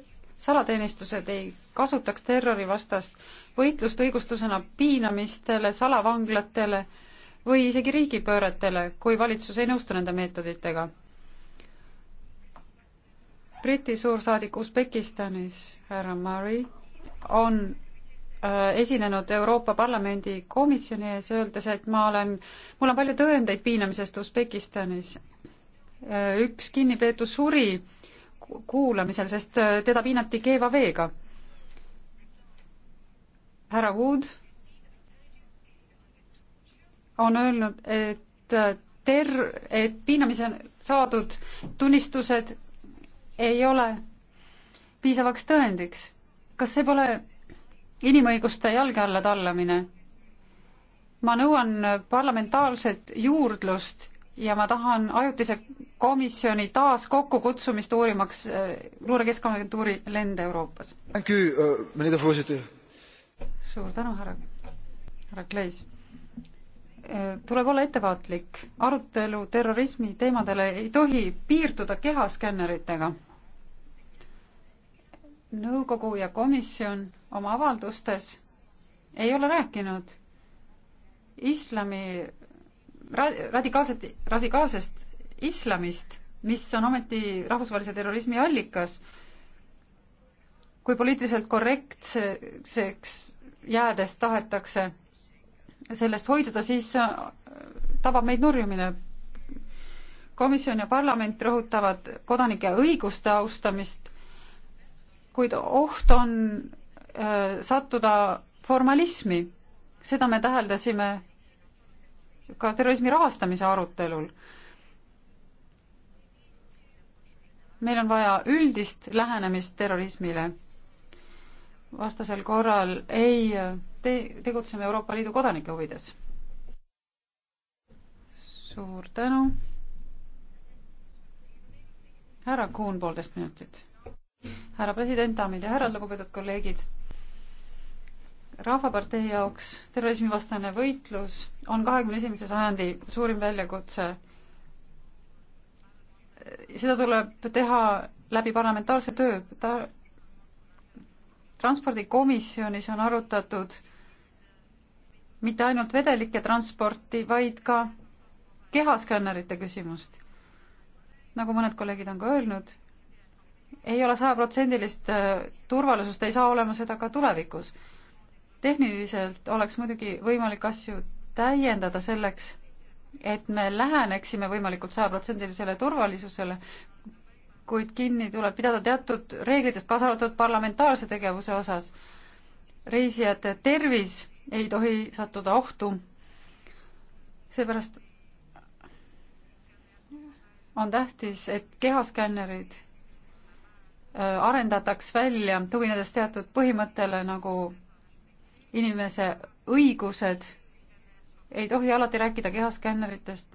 salateenistused ei kasutaks terrorivastast võitlust õigustusena piinamistele, salavanglatele või isegi riigipööretele, kui valitsus ei nõustu nende meetoditega. Briti suursaadik Usbekistanis, härra Murray, on äh, esinenud Euroopa Parlamendi komisjoni ees, öeldes, et ma olen, mul on palju tõendeid piinamisest Usbekistanis. Äh, üks kinnipeetu suri kuulamisel, sest äh, teda piinati keeva veega. härra Wood on öelnud, et ter-, et piinamise saadud tunnistused ei ole piisavaks tõendiks. kas see pole inimõiguste jalge alla tallamine? ma nõuan parlamentaarset juurdlust ja ma tahan ajutise komisjoni taas kokkukutsumist uurimaks äh, luurekeskagentuuri lende Euroopas. Äh, suur tänu, härra, härra Kleis tuleb olla ettevaatlik, arutelu terrorismi teemadele ei tohi piirduda kehaskänneritega. nõukogu ja komisjon oma avaldustes ei ole rääkinud islami radikaalset, radikaalsest islamist, mis on ometi rahvusvahelise terrorismi allikas. kui poliitiliselt korrektseks jäädes tahetakse sellest hoiduda, siis äh, tabab meid nurjumine. komisjon ja parlament rõhutavad kodanike õiguste austamist, kuid oht on öö, äh, sattuda formalismi. seda me täheldasime ka terrorismi rahastamise arutelul. meil on vaja üldist lähenemist terrorismile. vastasel korral ei äh, te-, tegutseme Euroopa Liidu kodanike huvides. suur tänu. härra Kuhn, poolteist minutit. härra president, daamid ja härrad, lugupeetud kolleegid. rahvapartei jaoks terrorismivastane võitlus on kahekümne esimese sajandi suurim väljakutse. seda tuleb teha läbi parlamentaarse töö ta transpordikomisjonis on arutatud mitte ainult vedelike transporti, vaid ka kehaskännerite küsimust. nagu mõned kolleegid on ka öelnud, ei ole sajaprotsendilist äh, turvalisust, ei saa olema seda ka tulevikus. tehniliselt oleks muidugi võimalik asju täiendada selleks, et me läheneksime võimalikult sajaprotsendilisele turvalisusele, kuid kinni tuleb pidada teatud reeglitest, kaasa arvatud parlamentaarse tegevuse osas. reisijate tervis ei tohi sattuda ohtu. seepärast on tähtis, et kehaskännerid äh, arendataks välja, tuginedes teatud põhimõttele nagu inimese õigused, ei tohi alati rääkida kehaskänneritest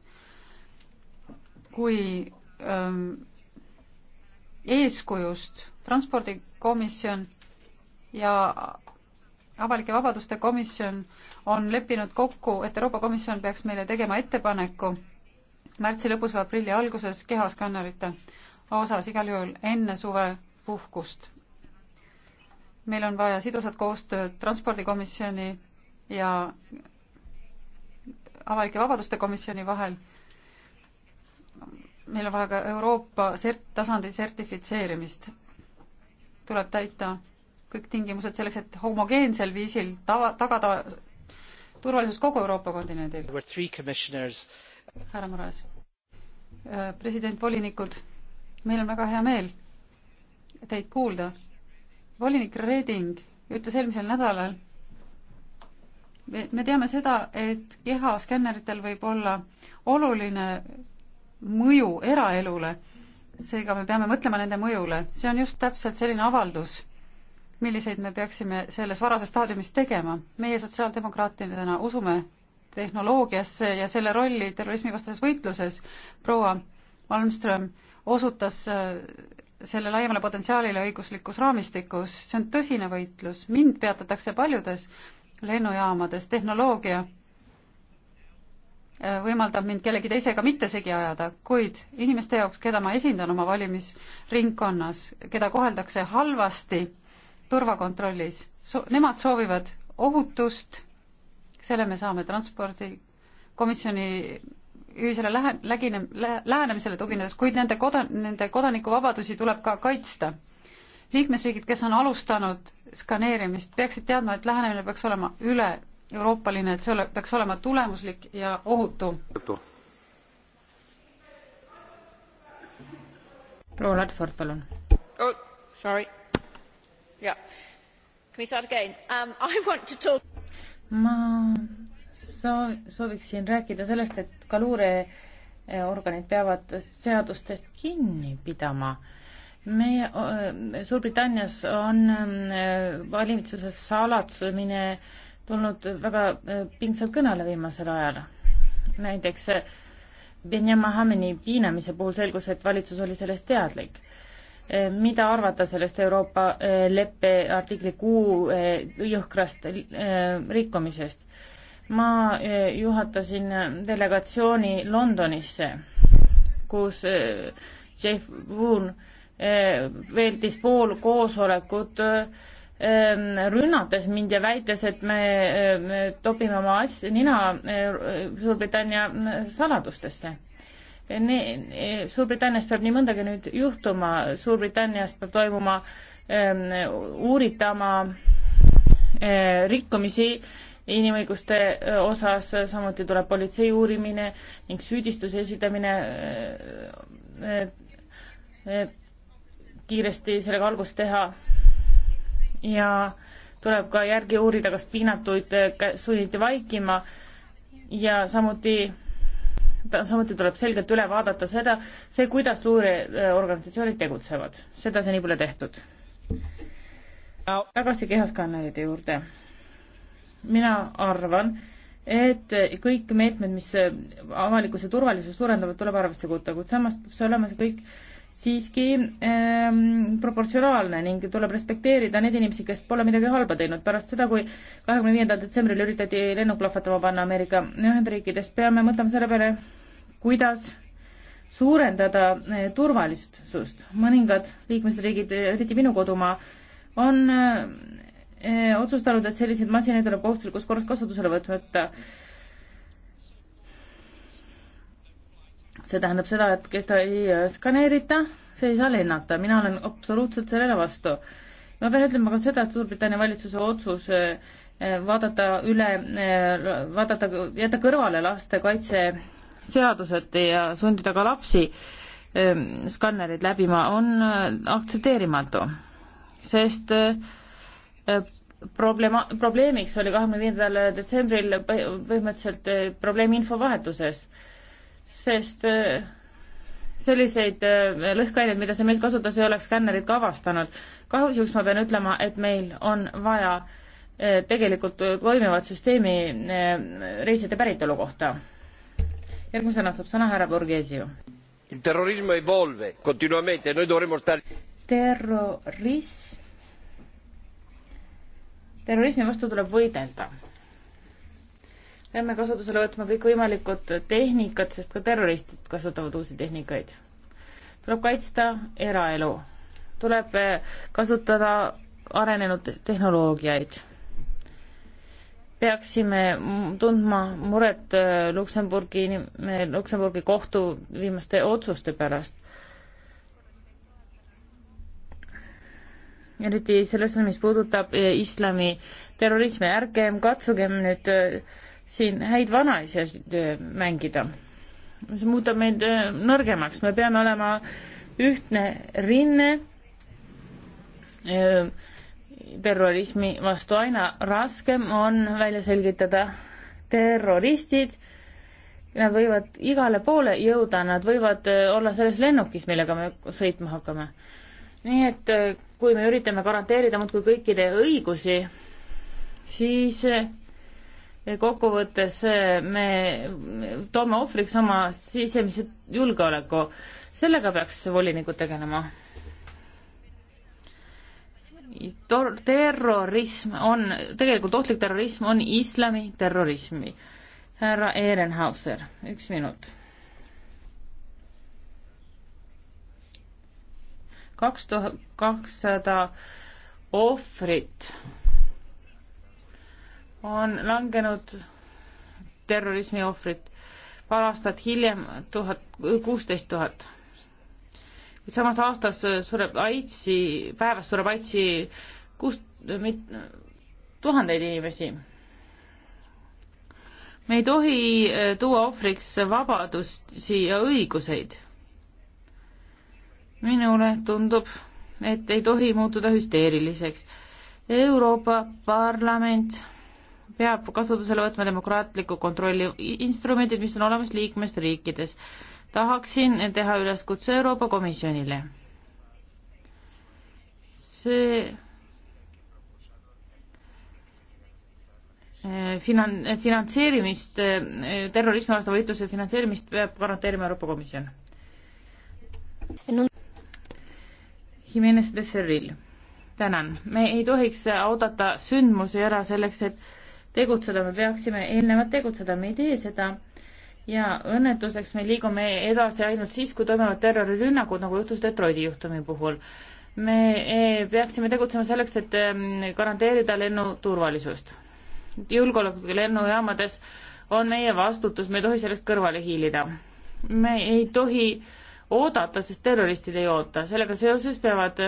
kui ähm, eeskujust. transpordikomisjon ja avalike vabaduste komisjon on leppinud kokku, et Euroopa Komisjon peaks meile tegema ettepaneku märtsi lõpus või aprilli alguses kehaskannarite osas igal juhul enne suvepuhkust. meil on vaja sidusat koostööd Transpordikomisjoni ja avalike vabaduste komisjoni vahel. meil on vaja ka Euroopa sert-, tasandil sertifitseerimist. tuleb täita kõik tingimused selleks, et homogeensel viisil tava, tagada turvalisus kogu Euroopa kontinendil. härra Morales, äh, president, volinikud, meil on väga hea meel teid kuulda. volinik Reding ütles eelmisel nädalal, me, me teame seda, et kehaskännertel võib olla oluline mõju eraelule, seega me peame mõtlema nende mõjule, see on just täpselt selline avaldus milliseid me peaksime selles varases staadiumis tegema. meie sotsiaaldemokraatidena usume tehnoloogiasse ja selle rolli terrorismivastases võitluses. proua Malmström osutas äh, selle laiemale potentsiaalile õiguslikus raamistikus, see on tõsine võitlus, mind peatatakse paljudes lennujaamades, tehnoloogia äh, võimaldab mind kellegi teisega mitte segi ajada, kuid inimeste jaoks, keda ma esindan oma valimisringkonnas, keda koheldakse halvasti, turvakontrollis so,. Nemad soovivad ohutust, selle me saame transpordikomisjoni ühisele lähe-, lägine- lähe,, lähenemisele tuginedes, kuid nende koda-, nende kodanikuvabadusi tuleb ka kaitsta. liikmesriigid, kes on alustanud skaneerimist, peaksid teadma, et lähenemine peaks olema üle-euroopaline, et see ole, peaks olema tulemuslik ja ohutu. proua Ladford, palun oh,. Sorry Um, ma soo-, sooviksin rääkida sellest, et ka luureorganid eh, peavad seadustest kinni pidama. meie eh, Suurbritannias on eh, valitsuse salatsemine tulnud väga pingsalt kõnele viimasel ajal. näiteks Benjamin Hameni piinamise puhul selgus, et valitsus oli sellest teadlik mida arvata sellest Euroopa eh, leppe artikli kuu eh, jõhkrast eh, rikkumisest? ma juhatasin delegatsiooni Londonisse, kus Jeff Woon veetis pool koosolekut rünnates mind ja väites, et me, me topime oma asja, nina Suurbritannia saladustesse. E, Suurbritannias peab nii mõndagi nüüd juhtuma, Suurbritannias peab toimuma ähm, uuritama äh, rikkumisi inimõiguste e, osas, samuti tuleb politsei uurimine ning süüdistuse esitamine äh, äh, kiiresti sellega algust teha ja tuleb ka järgi uurida, kas piinatuid sunniti vaikima ja samuti samuti tuleb selgelt üle vaadata seda, see, kuidas luureorganisatsioonid tegutsevad, seda seni pole tehtud. tagasi kehaskannerite juurde. mina arvan, et kõik meetmed, mis avalikkuse turvalisust suurendavad, tuleb arvesse võtta, kuid samas peab see olema see kõik siiski ähm, proportsionaalne ning tuleb respekteerida neid inimesi, kes pole midagi halba teinud. pärast seda, kui kahekümne viiendal detsembril üritati lennuk lahvatama panna Ameerika Ühendriikidest, peame mõtlema selle peale, kuidas suurendada eh, turvalisust. mõningad liikmesriigid, eriti minu kodumaa, on öö, eh, otsustanud, et selliseid masinaid tuleb kohustuslikus korras kasutusele võtta see tähendab seda, et kes ta ei äh, skaneerita, see ei saa lennata, mina olen absoluutselt sellele vastu. ma pean ütlema ka seda, et Suurbritannia valitsuse otsus äh, äh, vaadata üle, vaadata, jätta kõrvale lastekaitseseadused ja sundida ka lapsi ähm, skannerid läbima, on aktsepteerimatu. sest problema-, probleemiks oli kahekümne viiendal detsembril põhimõtteliselt probleem infovahetuses sest äh, selliseid äh, lõhkeaineid, mida see mees kasutas, ei oleks skännerid ka avastanud. kahjuks ma pean ütlema, et meil on vaja äh, tegelikult toimivat süsteemi reiside päritolu kohta. järgmisena saab sõna härra Borghesio. terrorism evolve continuamente, noi dovremmo stare terrorism, terrorismi vastu tuleb võidelda peame kasutusele võtma kõikvõimalikud tehnikad, sest ka terroristid kasutavad uusi tehnikaid. tuleb kaitsta eraelu, tuleb eh, kasutada arenenud tehnoloogiaid. peaksime tundma muret eh, Luksemburgi, eh, Luksemburgi kohtu viimaste otsuste pärast. eriti selles, mis puudutab islami terrorismi, ärgem katsugem nüüd äh, siin häid vanaisi äh, mängida. see muudab meid äh, nõrgemaks, me peame olema ühtne rinne äh, terrorismi vastu aina raskem on välja selgitada terroristid, nad võivad igale poole jõuda, nad võivad olla selles lennukis, millega me sõitma hakkame. nii et kui me üritame garanteerida muudkui kõikide õigusi, siis kokkuvõttes eh, me toome ohvriks oma sisemise julgeoleku. sellega peaks volinikud tegelema. Tor-, terrorism on, tegelikult ohtlik terrorism on islami terrorismi. härra Ehrenhauser, üks minut. kaks tuhat kakssada ohvrit on langenud terrorismi ohvrid. paar aastat hiljem tuhat, kuusteist tuhat. kuid samas aastas sureb AIDSi, päevas sureb AIDSi kuus, mit-, tuhandeid inimesi. me ei tohi äh, tuua ohvriks vabadusi ja õiguseid. minule tundub, et ei tohi muutuda hüsteeriliseks. Euroopa Parlament peab kasutusele võtma demokraatliku kontrolli instrumendid, mis on olemas liikmesriikides. tahaksin teha üleskutse Euroopa Komisjonile. see eh, finan-, finantseerimist, eh, terrorismivastase võitluse finantseerimist peab garanteerima Euroopa Komisjon. Jimenez Becerril, tänan. me ei tohiks oodata sündmusi ära selleks, et tegutseda, me peaksime eelnevalt tegutseda, me ei tee seda. ja õnnetuseks me liigume edasi ainult siis, kui toimuvad terrorirünnakud, nagu juhtus Detroiti juhtumi puhul. me e, peaksime tegutsema selleks, et garanteerida lennu turvalisust. julgeolek lennujaamades on meie vastutus, me ei tohi sellest kõrvale hiilida. me ei tohi oodata, sest terroristid ei oota, sellega seoses peavad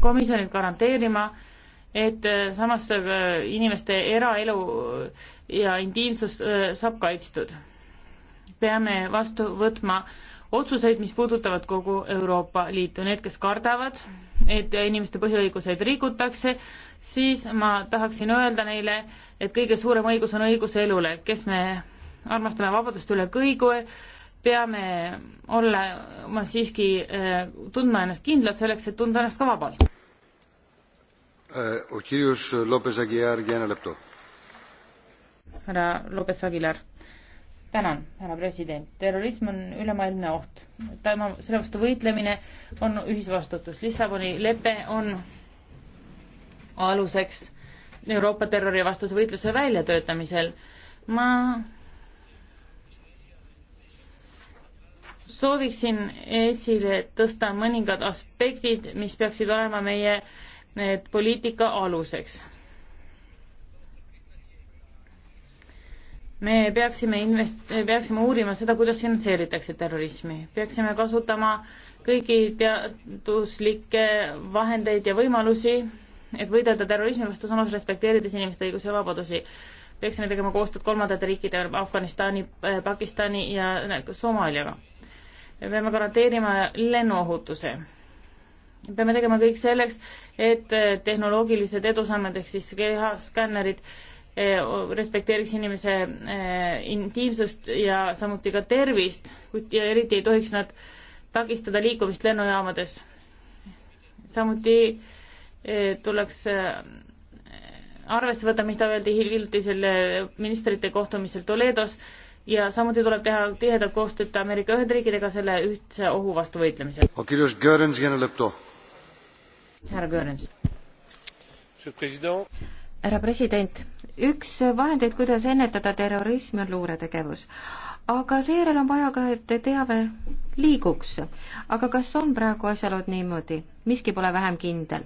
komisjonid garanteerima, et äh, samas äh, inimeste eraelu äh, ja intiimsus saab kaitstud. peame vastu võtma otsuseid, mis puudutavad kogu Euroopa Liitu, need, kes kardavad, et inimeste põhiõiguseid rikutakse, siis ma tahaksin öelda neile, et kõige suurem õigus on õigus elule, kes me armastame vabadust üle kõigu, peame olema siiski, tundma ennast kindlalt selleks, et tunda ennast ka vabalt härra Lopez Aguilar, tänan, härra president. terrorism on ülemaailmne oht. tema, selle vastu võitlemine on ühisvastutus. Lissaboni lepe on aluseks Euroopa terrorivastase võitluse väljatöötamisel. ma sooviksin esile tõsta mõningad aspektid, mis peaksid olema meie äh, need poliitika aluseks. me peaksime invest-, peaksime uurima seda, kuidas finantseeritakse terrorismi, peaksime kasutama kõigi teaduslikke vahendeid ja võimalusi, et võidelda terrorismi vastu, samas respekteerides inimeste õigusi ja vabadusi. peaksime tegema koostööd kolmandate riikide, Afganistani, äh, Pakistani ja Somaaliaga. me peame garanteerima lennuohutuse peame tegema kõik selleks, et eh, tehnoloogilised edusammed ehk siis kehaskännerid eh, respekteeriks inimese eh, intiimsust ja samuti ka tervist, kuid eriti ei tohiks nad takistada liikumist lennujaamades. samuti tuleks arvesse võtta, mis ta öeldi hiljutisel ministrite kohtumisel Toledos ja samuti tuleb teha tihedat koostööd Ameerika Ühendriikidega selle ühtse ohu vastu võitlemisel härra Görens. härra president, üks vahendeid, kuidas ennetada terrorismi, on luuretegevus. aga seejärel on vaja ka, et teave liiguks. aga kas on praegu asjalood niimoodi? miski pole vähem kindel.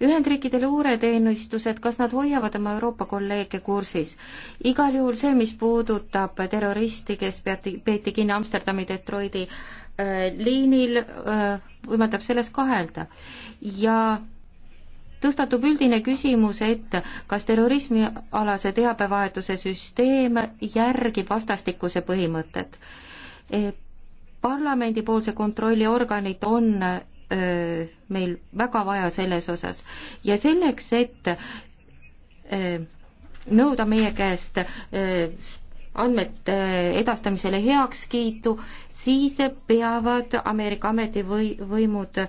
Ühendriikide luureteenistused, kas nad hoiavad oma Euroopa kolleege kursis? igal juhul see, mis puudutab terroristi, kes peati, peeti kinni Amsterdami Detroiti äh, liinil äh,, võimaldab selles kahelda ja tõstatub üldine küsimus, et kas terrorismialase teabevahetuse süsteem järgib vastastikuse põhimõtet. E, parlamendipoolse kontrolli organid on öö, e, meil väga vaja selles osas ja selleks, et öö, e, nõuda meie käest öö, andmete edastamisele heakskiitu, siis peavad Ameerika ametivõimud või,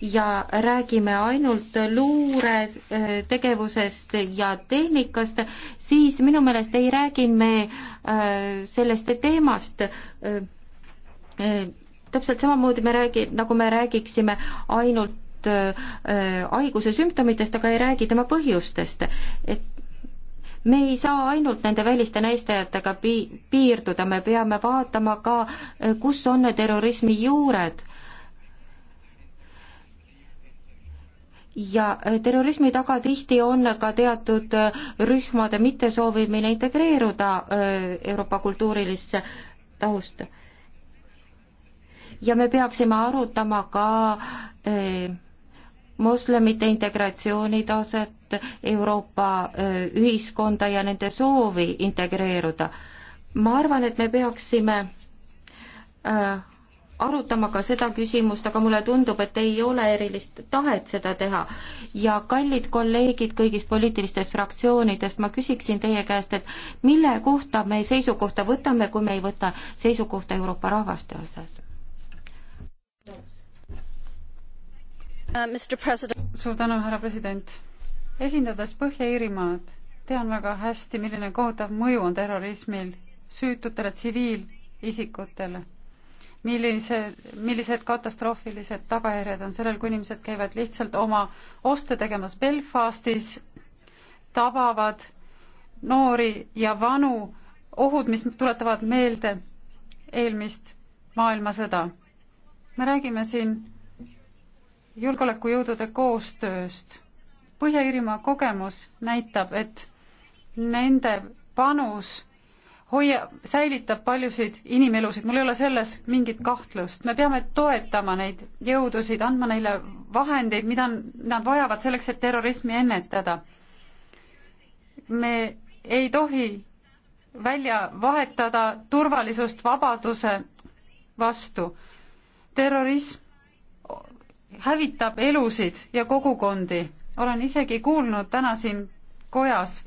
ja räägime ainult luuretegevusest äh, ja tehnikast, siis minu meelest ei räägi me äh, sellest teemast äh, täpselt samamoodi me räägi, nagu me räägiksime ainult haiguse sümptomitest, aga ei räägi tema põhjustest. et me ei saa ainult nende väliste näistajatega pi-, piirduda, me peame vaatama ka, kus on terrorismi juured ja äh, terrorismi taga tihti on ka teatud äh, rühmade mittesoovimine integreeruda äh, Euroopa kultuurilisse tahusta. ja me peaksime arutama ka moslemite integratsiooni taset Euroopa ühiskonda ja nende soovi integreeruda. ma arvan, et me peaksime arutama ka seda küsimust, aga mulle tundub, et ei ole erilist tahet seda teha. ja kallid kolleegid kõigist poliitilistest fraktsioonidest, ma küsiksin teie käest, et mille kohta me seisukohta võtame, kui me ei võta seisukohta Euroopa rahvaste osas? Uh, suur tänu, härra president. esindades Põhja-Iirimaad, tean väga hästi, milline kohutav mõju on terrorismil süütutele tsiviilisikutele millise, millised katastroofilised tagajärjed on sellel, kui inimesed käivad lihtsalt oma oste tegemas Belfastis, tabavad noori ja vanu ohud, mis tuletavad meelde eelmist maailmasõda. me räägime siin julgeolekujõudude koostööst. Põhja-Iirimaa kogemus näitab, et nende panus hoia, säilitab paljusid inimelusid, mul ei ole selles mingit kahtlust. me peame toetama neid jõudusid, andma neile vahendeid, mida nad vajavad selleks, et terrorismi ennetada. me ei tohi välja vahetada turvalisust vabaduse vastu. terrorism hävitab elusid ja kogukondi. olen isegi kuulnud täna siin kojas,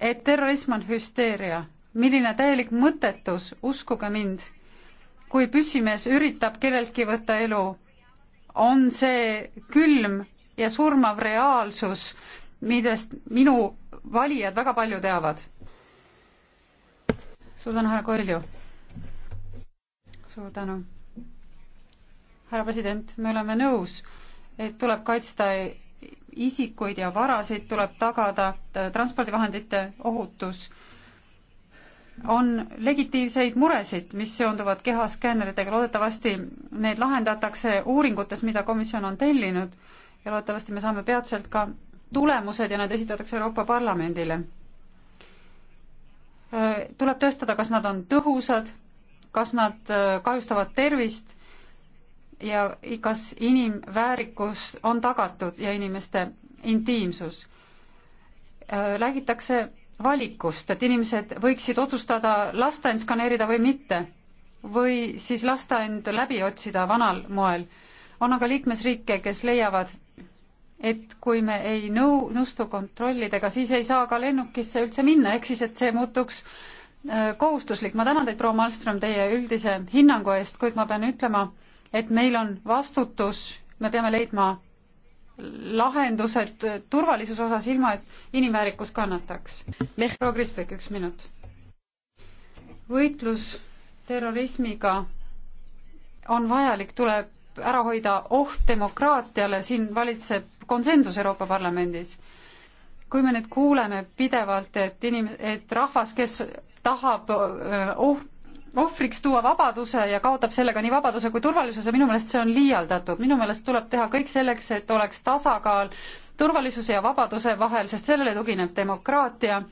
et terrorism on hüsteeria milline täielik mõttetus, uskuge mind, kui püssimees üritab kelleltki võtta elu, on see külm ja surmav reaalsus, millest minu valijad väga palju teavad. suur tänu, härra Koilju. suur tänu. härra president, me oleme nõus, et tuleb kaitsta isikuid ja varasid, tuleb tagada äh, transpordivahendite ohutus on legitiivseid muresid, mis seonduvad kehaskänneritega, loodetavasti need lahendatakse uuringutes, mida komisjon on tellinud ja loodetavasti me saame peatselt ka tulemused ja need esitatakse Euroopa Parlamendile. Tuleb tõestada, kas nad on tõhusad, kas nad äh, kahjustavad tervist ja kas inimväärikus on tagatud ja inimeste intiimsus. Äh, räägitakse valikust, et inimesed võiksid otsustada lasta end skaneerida või mitte või siis lasta end läbi otsida vanal moel. on aga liikmesriike, kes leiavad, et kui me ei nõu, nõustu kontrollidega, siis ei saa ka lennukisse üldse minna, ehk siis, et see muutuks äh, kohustuslik. ma tänan teid, proua Malmström, teie üldise hinnangu eest, kuid ma pean ütlema, et meil on vastutus, me peame leidma lahendused turvalisuse osas, ilma et inimväärikus kannataks. proua Krisbek, üks minut. võitlus terrorismiga on vajalik, tuleb ära hoida oht demokraatiale, siin valitseb konsensus Euroopa Parlamendis. kui me nüüd kuuleme pidevalt, et inim-, et rahvas, kes tahab oh-, ohvriks tuua vabaduse ja kaotab sellega nii vabaduse kui turvalisuse, minu meelest see on liialdatud, minu meelest tuleb teha kõik selleks, et oleks tasakaal turvalisuse ja vabaduse vahel, sest sellele tugineb demokraatia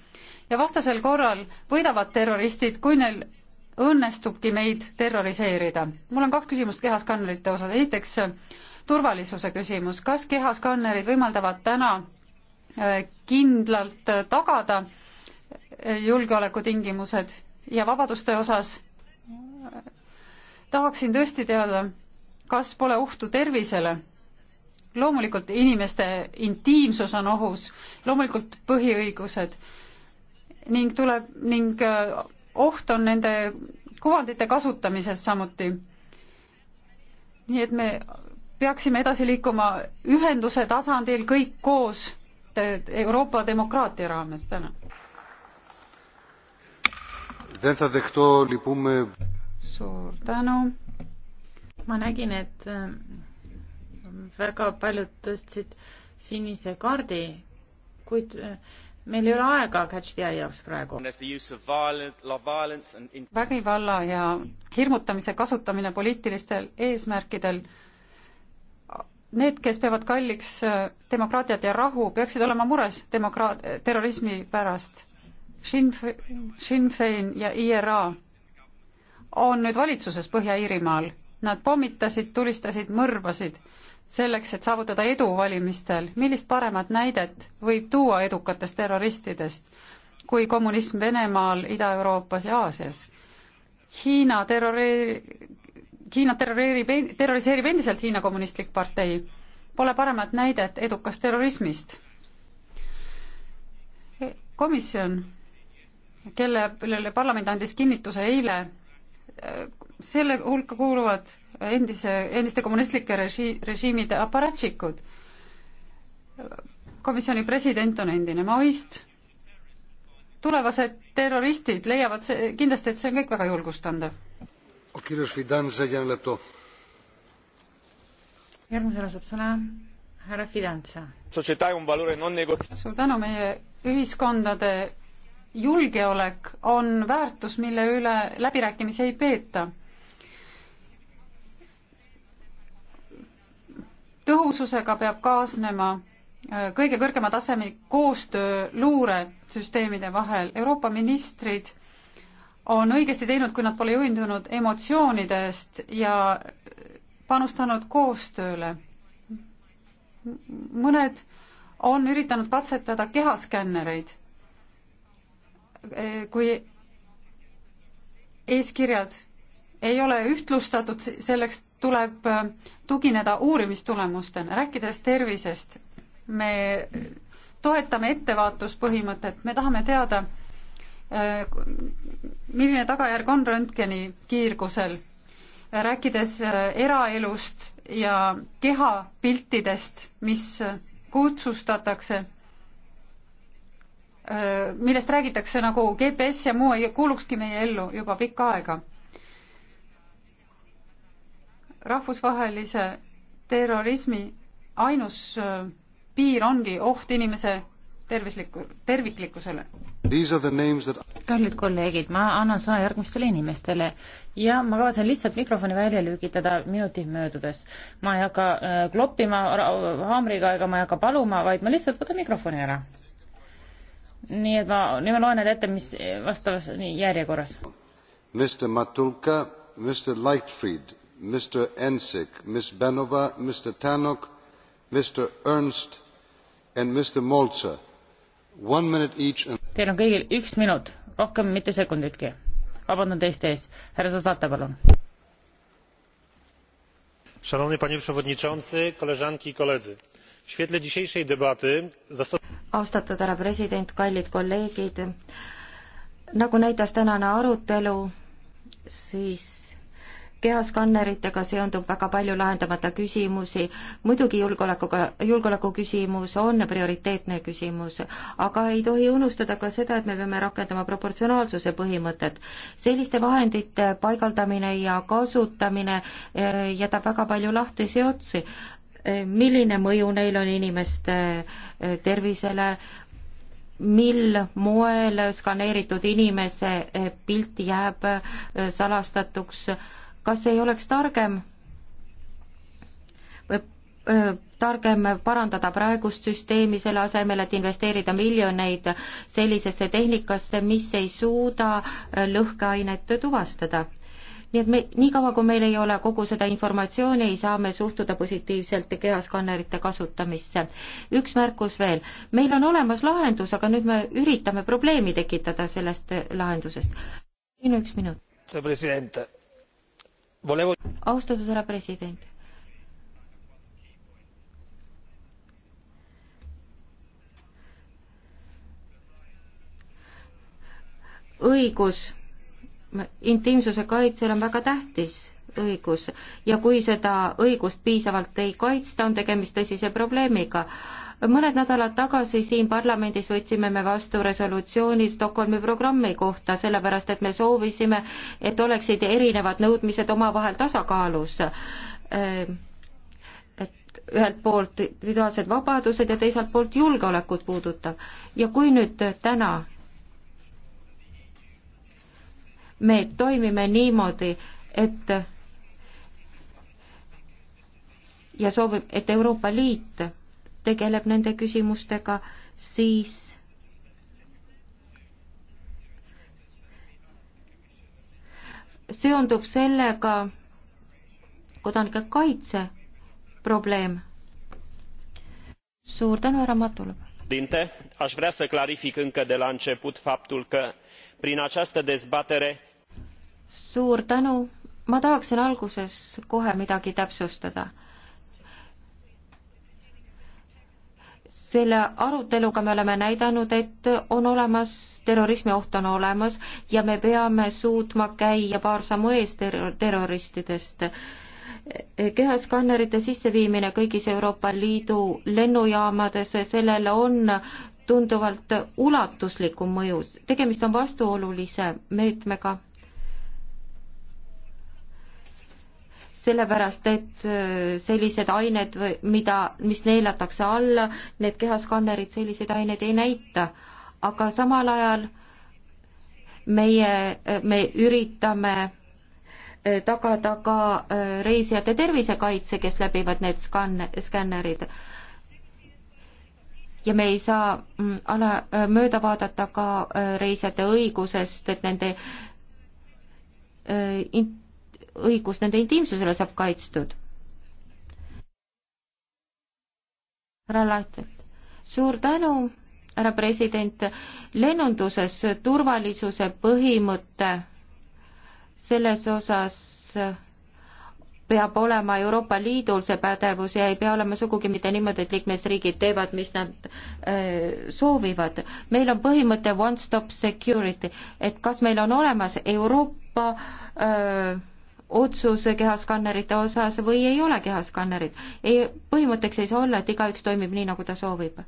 ja vastasel korral võidavad terroristid, kui neil õnnestubki meid terroriseerida. mul on kaks küsimust kehaskannerite osas, esiteks turvalisuse küsimus, kas kehaskannerid võimaldavad täna äh, kindlalt tagada äh, julgeolekutingimused ja vabaduste osas tahaksin tõesti teada, kas pole ohtu tervisele? loomulikult inimeste intiimsus on ohus, loomulikult põhiõigused ning tuleb ning äh, oht on nende kuvandite kasutamises samuti. nii et me peaksime edasi liikuma ühenduse tasandil kõik koos Euroopa demokraatia raames, tänan suur tänu. ma nägin, et ähm, väga paljud tõstsid sinise kaardi, kuid äh, meil ei ole aega catch the eye jaoks praegu. vägivalla ja hirmutamise kasutamine poliitilistel eesmärkidel. Need, kes peavad kalliks äh, demokraatiat ja rahu, peaksid olema mures demokraat-, terrorismi pärast. Sinn, Sinn Fein ja IRA on nüüd valitsuses Põhja-Iirimaal. Nad pommitasid, tulistasid, mõrvasid selleks, et saavutada edu valimistel. millist paremat näidet võib tuua edukatest terroristidest kui kommunism Venemaal, Ida-Euroopas ja Aasias? Hiina terrori-, Hiinat terroreerib, terroriseerib endiselt Hiina Kommunistlik Partei. Pole paremat näidet edukast terrorismist. komisjon, kelle, kellele parlament andis kinnituse eile, selle hulka kuuluvad endise, endiste kommunistlike reži-, režiimide aparatšikud. komisjoni president on endine maoist, tulevased terroristid leiavad see, kindlasti, et see on kõik väga julgustandev. järgmisena saab sõna härra Fidanza. suur tänu meie ühiskondade julgeolek on väärtus, mille üle läbirääkimisi ei peeta. tõhususega peab kaasnema äh, kõige kõrgema taseme koostöö luuresüsteemide vahel. Euroopa ministrid on õigesti teinud, kui nad pole juhindunud emotsioonidest ja panustanud koostööle. mõned on üritanud katsetada kehaskännereid kui eeskirjad ei ole ühtlustatud, selleks tuleb äh, tugineda uurimistulemustele. rääkides tervisest, me toetame ettevaatuspõhimõtet, me tahame teada, äh, milline tagajärg on röntgeni kiirgusel. rääkides äh, eraelust ja kehapiltidest, mis kutsustatakse Äh, millest räägitakse nagu GPS ja muu ei kuulukski meie ellu juba pikka aega. rahvusvahelise terrorismi ainus äh, piir ongi oht inimese tervislikku, terviklikkusele. That... kallid kolleegid, ma annan sõna järgmistele inimestele ja ma kavatsen lihtsalt mikrofoni välja lükitada minuti möödudes. ma ei hakka äh, kloppima haamriga ega ma ei hakka paluma, vaid ma lihtsalt võtan mikrofoni ära nii et ma, nüüd ma loen need ette, mis vastavas nii, järjekorras. Mr Matulka, Mr Lightfried, Mr Ensik, Miss Benova, Mr Tanok, Mr Ernst and Mr Molzer. One minute each and.... Teil on kõigil üks minut, rohkem mitte sekunditki. vabandan teiste ees, härra Zasata, palun. Szanowny panie przewodniczący, koleżanki i koledzy austatud härra president, kallid kolleegid, nagu näitas tänane arutelu, siis kehaskanneritega seondub väga palju lahendamata küsimusi, muidugi julgeolekuga, julgeoleku küsimus on prioriteetne küsimus, aga ei tohi unustada ka seda, et me peame rakendama proportsionaalsuse põhimõtet. selliste vahendite paigaldamine ja kasutamine eh, jätab väga palju lahtisi otsi milline mõju neil on inimeste eh, tervisele, mil moel skaneeritud inimese eh, pilt jääb eh, salastatuks, kas ei oleks targem targem parandada praegust süsteemi selle asemel, et investeerida miljoneid sellisesse tehnikasse, mis ei suuda lõhkeainet tuvastada nii et me, niikaua kui meil ei ole kogu seda informatsiooni, ei saa me suhtuda positiivselt kehaskannerite kasutamisse. üks märkus veel, meil on olemas lahendus, aga nüüd me üritame probleemi tekitada sellest eh, lahendusest. minu üks minut. austatud härra president õigus intiimsuse kaitsel on väga tähtis õigus ja kui seda õigust piisavalt ei kaitsta, on tegemist tõsise probleemiga. mõned nädalad tagasi siin parlamendis võtsime me vastu resolutsiooni Stockholmi programmi kohta, sellepärast et me soovisime, et oleksid erinevad nõudmised omavahel tasakaalus ühelt poolt individuaalsed vabadused ja teiselt poolt julgeolekut puudutav. ja kui nüüd täna me toimime niimoodi, et ja soovib, et Euroopa Liit tegeleb nende küsimustega, siis seondub sellega kodanike kaitse probleem. suur tänu, härra Matulov. aș vrea să clarific încă de la început faptul că prin această dezbatere suur tänu, ma tahaksin alguses kohe midagi täpsustada. selle aruteluga me oleme näidanud, et on olemas, terrorismioht on olemas ja me peame suutma käia paar sammu ees terror-, terroristidest kehaskannерite sisseviimine kõigis Euroopa Liidu lennujaamades, sellel on tunduvalt ulatuslikum mõjus, tegemist on vastuolulise meetmega, sellepärast et äh, sellised ained, mida, mis neelatakse alla, need kehaskannerid selliseid aineid ei näita, aga samal ajal meie, äh, me üritame äh, tagada taga ka reisijate tervisekaitse, kes läbivad need skann-, skännerid ja me ei saa mm, ala, äh, mööda vaadata ka äh, reisijate õigusest, et nende äh, in, õigus nende intiimsusele saab kaitstud. härra Lahtel, suur tänu, härra president, lennunduses turvalisuse põhimõte selles osas peab olema Euroopa Liidul see pädevus ja ei pea olema sugugi mitte niimoodi, et liikmesriigid teevad, mis nad äh, soovivad. meil on põhimõte one stop security, et kas meil on olemas Euroopa öö, äh, otsus kehaskannerite osas või ei ole kehaskannerit. ei, põhimõtteks ei saa olla, et igaüks toimib nii, nagu ta soovib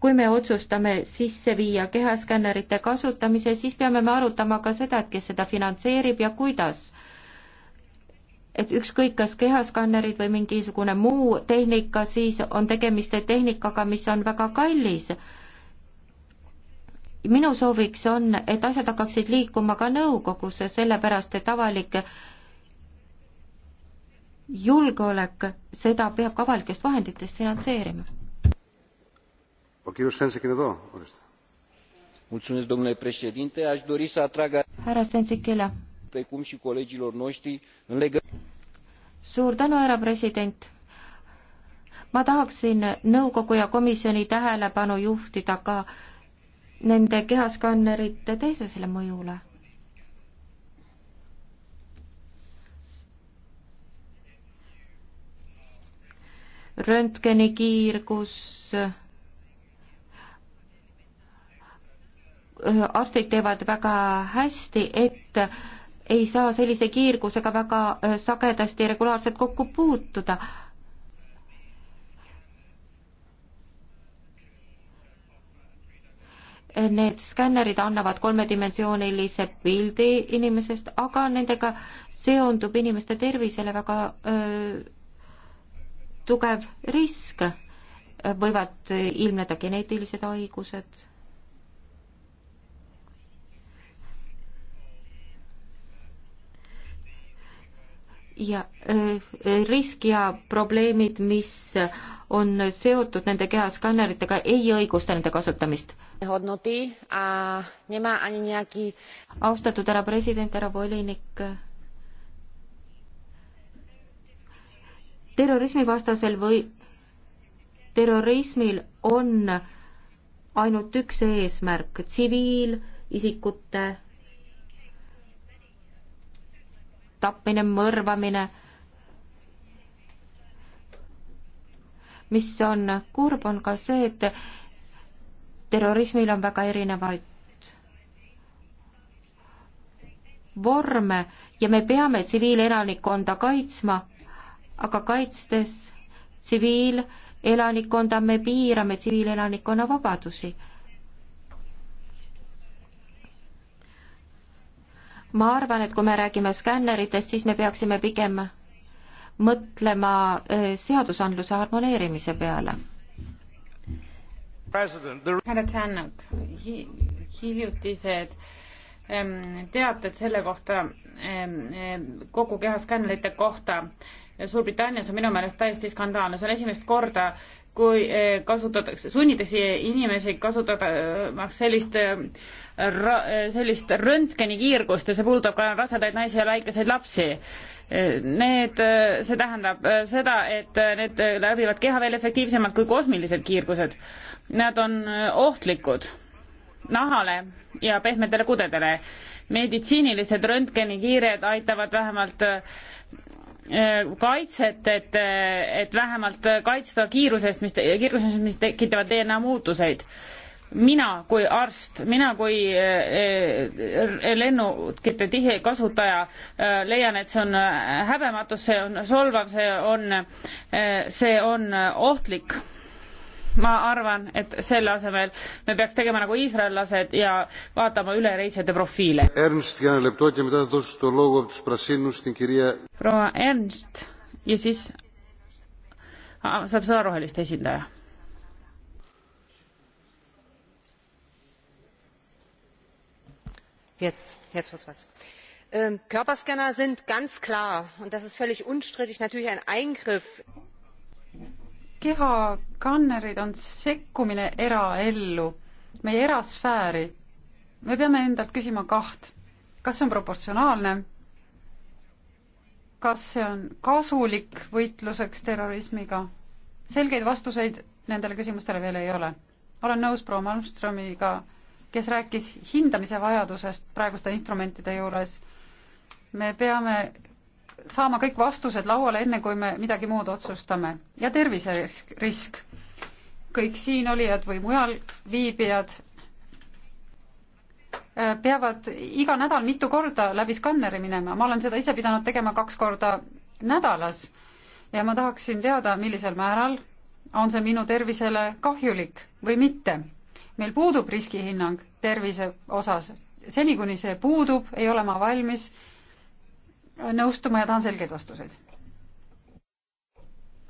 kui me otsustame sisse viia kehaskännerite kasutamise, siis peame me arutama ka seda, et kes seda finantseerib ja kuidas et ükskõik, kas kehaskannerid või mingisugune muu tehnika, siis on tegemist tehnikaga, mis on väga kallis. minu sooviks on, et asjad hakkaksid liikuma ka nõukogus, sellepärast et avalik julgeolek, seda peab ka avalikest vahenditest finantseerima. E härra Stensikile precum și colegilor noștri în legătură. Suur tänu, härra president! Ma tahaksin nõukogu ja komisjoni tähelepanu juhtida ka nende kehaskannerite teisesele mõjule. Röntgeni kiirgus, äh, arstid teevad väga hästi, et ei saa sellise kiirgusega väga äh, sagedasti regulaarselt kokku puutuda. Need skännerid annavad kolmedimensioonilise pildi inimesest, aga nendega seondub inimeste tervisele väga öö, äh, tugev risk. võivad ilmneda geneetilised haigused ja äh, risk ja probleemid, mis on seotud nende kehaskanneritega, ei õigusta nende kasutamist. austatud härra president, härra volinik. terrorismivastasel või terrorismil on ainult üks eesmärk, tsiviilisikute tapmine, mõrvamine, mis on kurb, on ka see, et terrorismil on väga erinevaid vorme ja me peame tsiviilelanikkonda kaitsma, aga kaitstes tsiviilelanikkonda me piirame tsiviilelanikkonna vabadusi ma arvan, et kui me räägime skänneritest, siis me peaksime pigem mõtlema äh, seadusandluse harmoneerimise peale. härra Tšannak, hiljutised ähm, teated selle kohta, ähm, ähm, kogu keha skännerite kohta Suurbritannias on minu meelest täiesti skandaalne, see on esimest korda, kui äh, kasutatakse, sunnitakse inimesi kasutama sellist äh, sellist röntgenikiirgust ja see puudutab ka rasedaid naisi ja väikeseid lapsi. Need, see tähendab seda, et need läbivad keha veel efektiivsemalt kui kosmilised kiirgused. Nad on ohtlikud nahale ja pehmetele kudedele. meditsiinilised röntgenikiired aitavad vähemalt eh, kaitset, et, et vähemalt kaitsta kiirusest, mis, kiirusest, mis tekitavad DNA muutuseid mina kui arst, mina kui eh, eh, lennukite tihe kasutaja eh, leian, et see on häbematus, see on solvav, see on, see on ohtlik. ma arvan, et selle asemel me peaks tegema nagu iisraellased ja vaatama üle reisijate profiile. proua Ernst ja siis saab sõna roheliste esindaja Ähm, körperscanner sind ganz klar und das ist völlig unstrittig natürlich ein eingriff kehakannerid on sekkumine eraellu meie erasfääri me peame endalt küsima kaht kas see on proportsionaalne kas see on kasulik võitluseks terrorismiga selgeid vastuseid nendele küsimustele veel ei ole olen nõus proua Malmströmiga kes rääkis hindamise vajadusest praeguste instrumentide juures. me peame saama kõik vastused lauale, enne kui me midagi muud otsustame. ja terviserisk, risk. kõik siinolijad või mujal viibijad äh, peavad iga nädal mitu korda läbi skanneri minema, ma olen seda ise pidanud tegema kaks korda nädalas ja ma tahaksin teada, millisel määral on see minu tervisele kahjulik või mitte meil puudub riskihinnang tervise osas. seni, kuni see puudub, ei ole ma valmis nõustuma ja tahan selgeid vastuseid.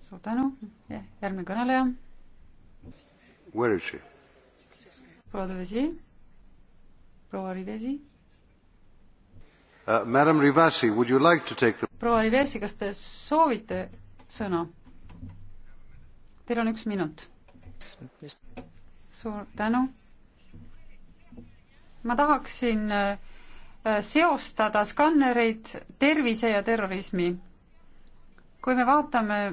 suur tänu, järgmine kõneleja. Where is she? proua Rivesi, proua Rivesi. Uh, Madam Rivasi, would you like to take the proua Rivesi, kas te soovite sõna? Teil on üks minut suur tänu. ma tahaksin äh, seostada skannereid tervise ja terrorismi. kui me vaatame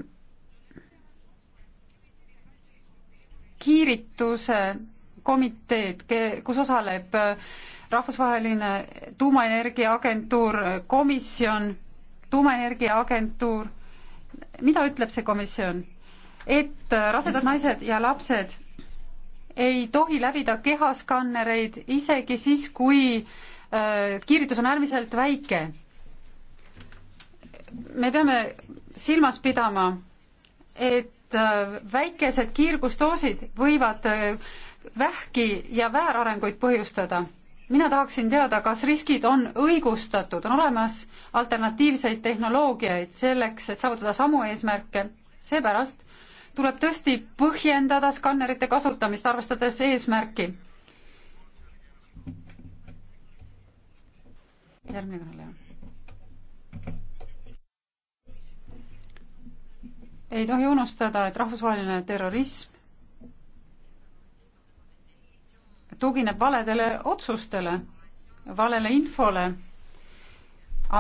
kiirituse komiteed, kus osaleb äh, rahvusvaheline tuumaenergia agentuur, komisjon, tuumaenergia agentuur, mida ütleb see komisjon? et äh, rasedad naised ja lapsed ei tohi läbida kehaskannereid isegi siis, kui äh, kiiritus on äärmiselt väike. me peame silmas pidama, et äh, väikesed kiirgusdoosid võivad äh, vähki ja väärarenguid põhjustada. mina tahaksin teada, kas riskid on õigustatud, on olemas alternatiivseid tehnoloogiaid selleks, et saavutada samu eesmärke, seepärast tuleb tõesti põhjendada skannerite kasutamist, arvestades eesmärki. järgmine kõneleja. ei tohi unustada, et rahvusvaheline terrorism tugineb valedele otsustele, valele infole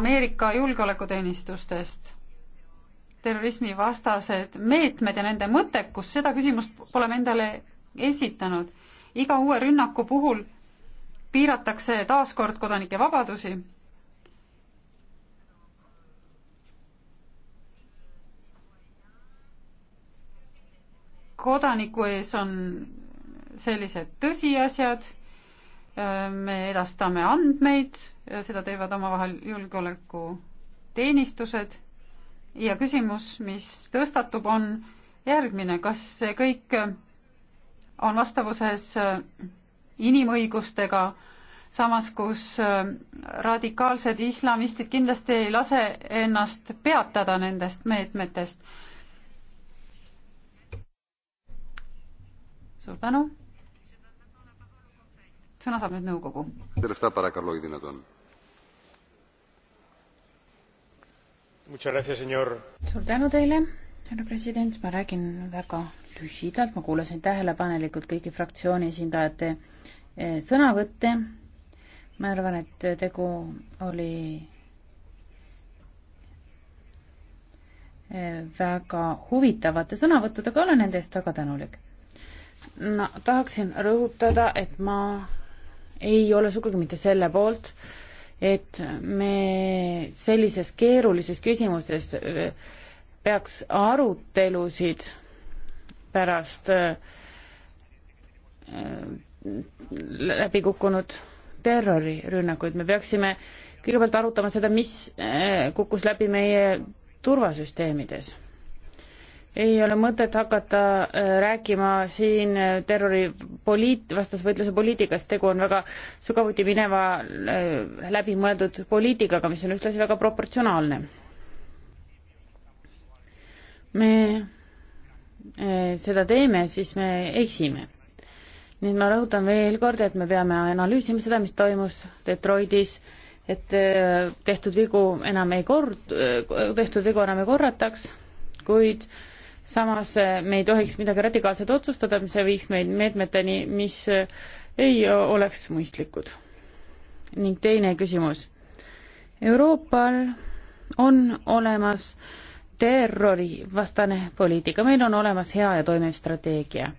Ameerika julgeolekuteenistustest terrorismivastased meetmed ja nende mõttekus, seda küsimust pole me endale esitanud. iga uue rünnaku puhul piiratakse taas kord kodanike vabadusi kodaniku ees on sellised tõsiasjad, me edastame andmeid, seda teevad omavahel julgeolekuteenistused ja küsimus, mis tõstatub, on järgmine, kas see kõik on vastavuses äh, inimõigustega, samas kus äh, radikaalsed islamistid kindlasti ei lase ennast peatada nendest meetmetest. suur tänu. sõna saab nüüd nõukogu. suur tänu teile, härra president, ma räägin väga lühidalt, ma kuulasin tähelepanelikult kõigi fraktsiooni esindajate eh, sõnavõtte. ma arvan, et tegu oli eh, väga huvitavate sõnavõttudega, olen nende eest väga tänulik. no tahaksin rõhutada, et ma ei ole sugugi mitte selle poolt, et me sellises keerulises küsimuses äh, peaks arutelusid pärast äh, äh, läbikukkunud terrorirünnakuid, me peaksime kõigepealt arutama seda, mis kukkus läbi meie turvasüsteemides ei ole mõtet hakata äh, rääkima siin äh, terrori poliit-, vastasvõitluse poliitikast, tegu on väga sügavuti mineva äh, läbimõeldud poliitikaga, mis on ühtlasi väga proportsionaalne. me seda teeme, siis me eksime. nii et ma rõhutan veel kord, et me peame analüüsima seda, mis toimus Detroitis, et tehtud vigu enam ei kord-, tehtud vigu enam ei korrataks, kuid äh, samas eh, me ei tohiks midagi radikaalset otsustada, mis viiks meid meetmeteni, mis eh, ei oleks mõistlikud. ning teine küsimus. Euroopal on olemas terrorivastane poliitika, meil on olemas hea ja toimiv strateegia.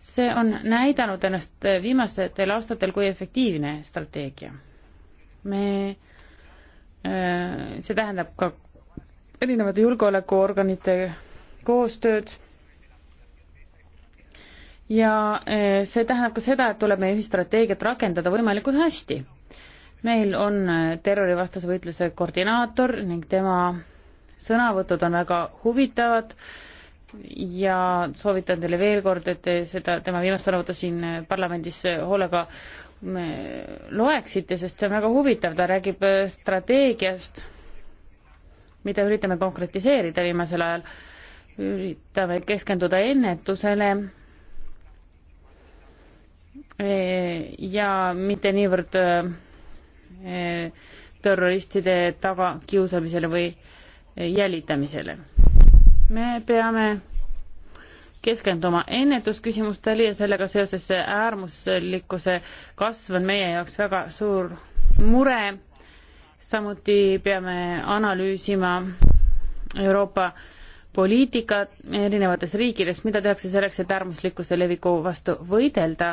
see on näidanud ennast eh, viimastel aastatel kui efektiivne strateegia. me, see tähendab ka erinevate julgeolekuorganite koostööd ja eh, see tähendab ka seda, et tuleb meie ühistrateegiat rakendada võimalikult hästi. meil on eh, terrorivastase võitluse koordinaator ning tema sõnavõtud on väga huvitavad ja soovitan teile veel kord, et te seda, tema viimast sõnavõttu siin eh, parlamendis hoolega loeksite, sest see on väga huvitav, ta räägib strateegiast, mida üritame konkretiseerida viimasel ajal üritame keskenduda ennetusele eh, ja mitte niivõrd eh, terroristide tagakiusamisele või jälitamisele. me peame keskenduma ennetusküsimustele ja sellega seoses see äärmuslikkuse kasv on meie jaoks väga suur mure. samuti peame analüüsima Euroopa äh, poliitika erinevates riikides, mida tehakse selleks, et äärmuslikkuse leviku vastu võidelda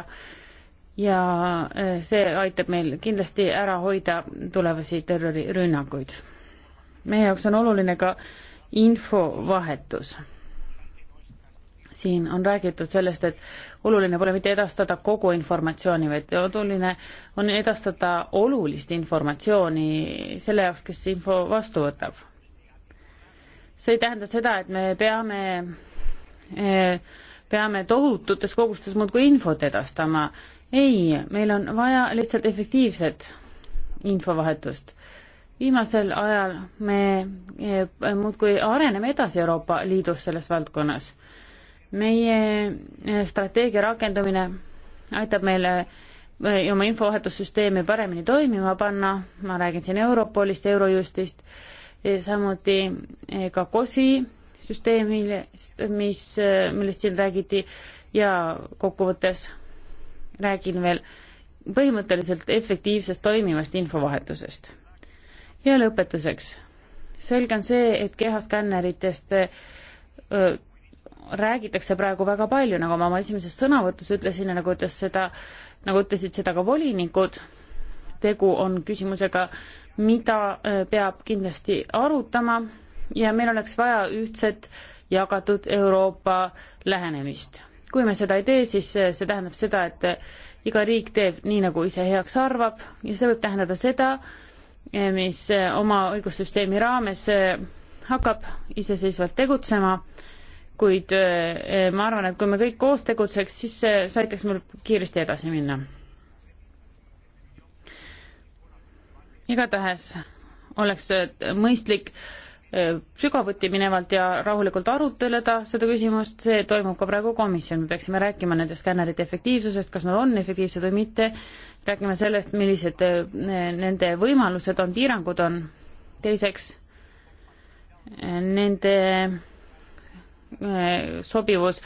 ja e, see aitab meil kindlasti ära hoida tulevasi terrorirünnakuid. meie jaoks on oluline ka infovahetus. siin on räägitud sellest, et oluline pole mitte edastada kogu informatsiooni, vaid oluline on edastada olulist informatsiooni selle jaoks, kes info vastu võtab see ei tähenda seda, et me peame, eh, peame tohututes kogustes muudkui infot edastama. ei, meil on vaja lihtsalt efektiivset infovahetust. viimasel ajal me eh, muudkui areneme edasi Euroopa Liidus selles valdkonnas. meie eh, strateegia rakendamine aitab meile oma infovahetussüsteemi paremini toimima panna, ma räägin siin Europolist, Eurojustist samuti eh, ka COSI süsteemist, mis, eh, millest siin räägiti ja kokkuvõttes räägin veel põhimõtteliselt efektiivsest toimivast infovahetusest. ja lõpetuseks, selge on see, et kehaskänneritest öö, eh, räägitakse praegu väga palju, nagu ma oma esimeses sõnavõtus ütlesin ja nagu ütles seda, nagu ütlesid seda ka volinikud, tegu on küsimusega, mida äh, peab kindlasti arutama ja meil oleks vaja ühtset jagatud Euroopa lähenemist. kui me seda ei tee, siis äh, see tähendab seda, et äh, iga riik teeb nii, nagu ise heaks arvab ja see võib tähendada seda, mis oma õigussüsteemi raames hakkab iseseisvalt tegutsema, kuid ma arvan, et kui me kõik koos tegutseks, siis see aitaks mul kiiresti edasi minna igatahes oleks mõistlik äh, sügavuti minevalt ja rahulikult arutleda seda küsimust, see toimub ka praegu komisjon, me peaksime rääkima nende skännerite efektiivsusest, kas nad on efektiivsed või mitte, rääkima sellest, millised äh, nende võimalused on, piirangud on, teiseks äh, nende sobivus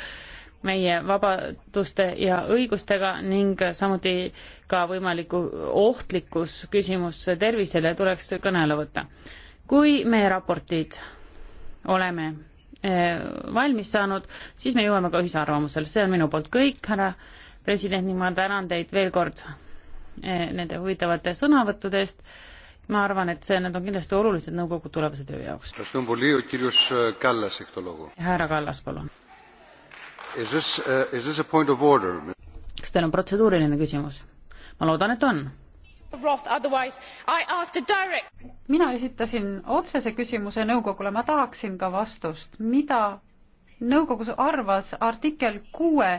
meie vabaduste ja õigustega ning samuti ka võimaliku ohtlikkus küsimus tervisele tuleks kõne alla võtta. kui meie raportid oleme eh, valmis saanud, siis me jõuame ka ühisarvamusele, see on minu poolt kõik, härra president, ning ma tänan teid veel kord eh, nende huvitavate sõnavõttude eest. ma arvan, et see, need on kindlasti olulised nõukogu tulevase töö jaoks. härra Kallas, palun. This, uh, kas teil on protseduuriline küsimus? ma loodan, et on. mina esitasin otsese küsimuse nõukogule, ma tahaksin ka vastust, mida nõukogus arvas artikkel kuue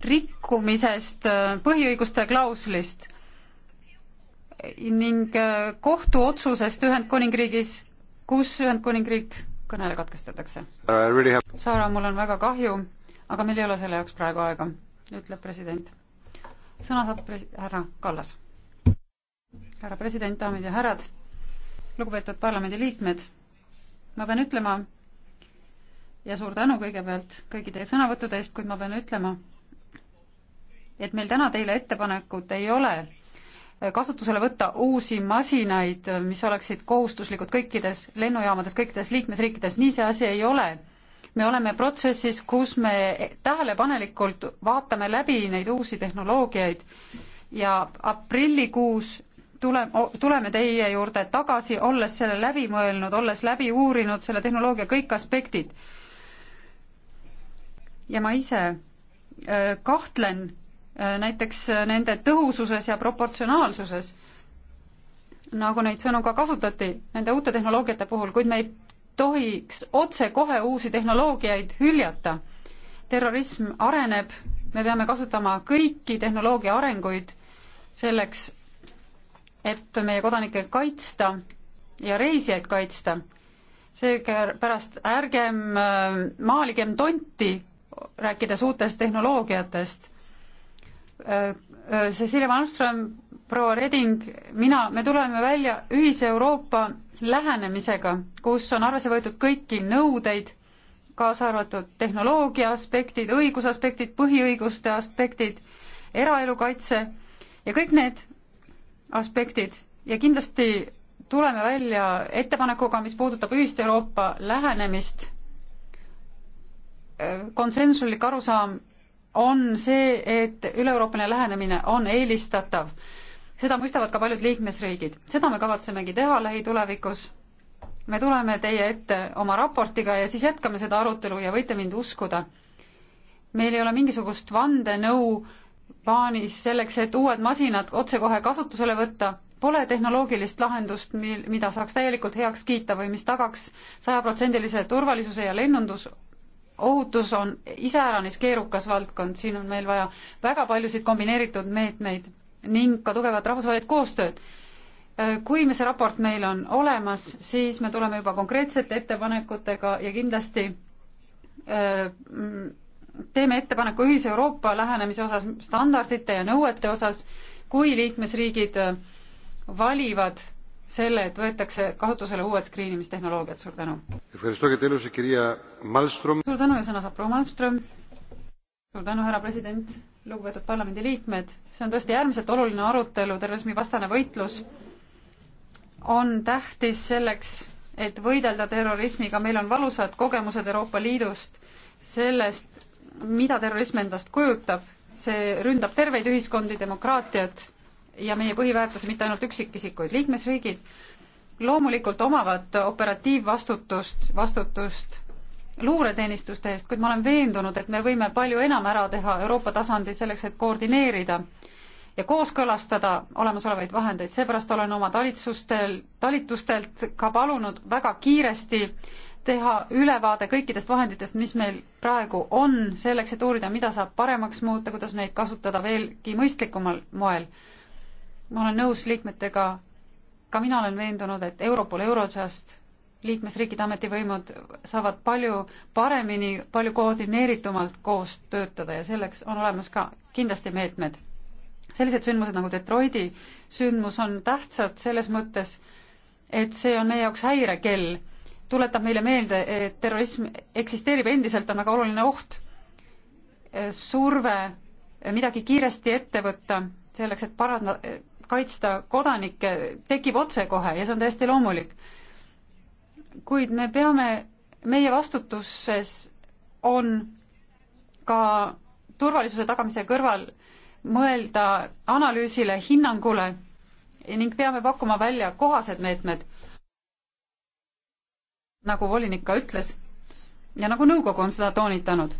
rikkumisest äh, põhiõiguste klauslist ning äh, kohtuotsusest Ühendkuningriigis, kus Ühendkuningriik kõnele katkestatakse. Really have... Saara, mul on väga kahju aga meil ei ole selle jaoks praegu aega, ütleb president. sõna saab pres-, härra Kallas. härra president, daamid ja härrad, lugupeetud parlamendiliikmed, ma pean ütlema ja suur tänu kõigepealt kõigi teie sõnavõttude eest, kuid ma pean ütlema, et meil täna teile ettepanekut ei ole kasutusele võtta uusi masinaid, mis oleksid kohustuslikud kõikides lennujaamades, kõikides liikmesriikides, nii see asi ei ole me oleme protsessis, kus me tähelepanelikult vaatame läbi neid uusi tehnoloogiaid ja aprillikuus tule, tuleme teie juurde tagasi, olles selle läbi mõelnud, olles läbi uurinud selle tehnoloogia kõik aspektid. ja ma ise äh, kahtlen äh, näiteks äh, nende tõhususes ja proportsionaalsuses, nagu neid sõnu ka kasutati nende uute tehnoloogiate puhul, kuid me ei tohiks otsekohe uusi tehnoloogiaid hüljata. terrorism areneb, me peame kasutama kõiki tehnoloogia arenguid selleks, et meie kodanikke kaitsta ja reisijaid kaitsta. seepärast ärgem maaligem tonti, rääkides uutest tehnoloogiatest. Cecilia Malmström, proua Reding, mina, me tuleme välja ühise Euroopa lähenemisega, kus on arvesse võetud kõiki nõudeid, kaasa arvatud tehnoloogia aspektid, õigusaspektid, põhiõiguste aspektid, eraelu kaitse ja kõik need aspektid ja kindlasti tuleme välja ettepanekuga, mis puudutab ühist Euroopa lähenemist. konsensuslik arusaam on see, et üle-euroopaline lähenemine on eelistatav seda mõistavad ka paljud liikmesriigid. seda me kavatsemegi teha lähitulevikus. me tuleme teie ette oma raportiga ja siis jätkame seda arutelu ja võite mind uskuda. meil ei ole mingisugust vandenõu plaanis selleks, et uued masinad otsekohe kasutusele võtta, pole tehnoloogilist lahendust, mil, mida saaks täielikult heaks kiita või mis tagaks sajaprotsendilise turvalisuse ja lennundus, ohutus on iseäranis keerukas valdkond, siin on meil vaja väga paljusid kombineeritud meetmeid ning ka tugevat rahvusvahelist koostööd. Äh, kui me, see raport meil on olemas, siis me tuleme juba konkreetsete ettepanekutega ja kindlasti äh, teeme ettepaneku ühise Euroopa lähenemise osas, standardite ja nõuete osas, kui liikmesriigid äh, valivad selle, et võetakse kasutusele uued skriinimistehnoloogiad, suur tänu. suur tänu ja sõna saab proua Malmström. suur tänu, härra president lugupeetud parlamendiliikmed, see on tõesti äärmiselt oluline arutelu, terrorismivastane võitlus on tähtis selleks, et võidelda terrorismiga, meil on valusad kogemused Euroopa Liidust, sellest, mida terrorism endast kujutab, see ründab terveid ühiskondi, demokraatiat ja meie põhiväärtusi, mitte ainult üksikisikuid, liikmesriigid loomulikult omavad operatiivvastutust, vastutust luureteenistuste eest, kuid ma olen veendunud, et me võime palju enam ära teha Euroopa tasandil selleks, et koordineerida ja kooskõlastada olemasolevaid vahendeid, seepärast olen oma talitsustel, talitustelt ka palunud väga kiiresti teha ülevaade kõikidest vahenditest, mis meil praegu on, selleks et uurida, mida saab paremaks muuta, kuidas neid kasutada veelgi mõistlikumal moel. ma olen nõus liikmetega, ka mina olen veendunud, et Europol, Eurojust liikmesriikide ametivõimud saavad palju paremini, palju koordineeritumalt koos töötada ja selleks on olemas ka kindlasti meetmed. sellised sündmused nagu Detroiti sündmus on tähtsad selles mõttes, et see on meie jaoks häirekell, tuletab meile meelde, et terrorism eksisteerib endiselt, on väga oluline oht, surve midagi kiiresti ette võtta, selleks et paranda-, kaitsta kodanikke, tekib otsekohe ja see on täiesti loomulik kuid me peame, meie vastutuses on ka turvalisuse tagamise kõrval mõelda analüüsile, hinnangule ning peame pakkuma välja kohased meetmed, nagu volinik ka ütles ja nagu nõukogu on seda toonitanud.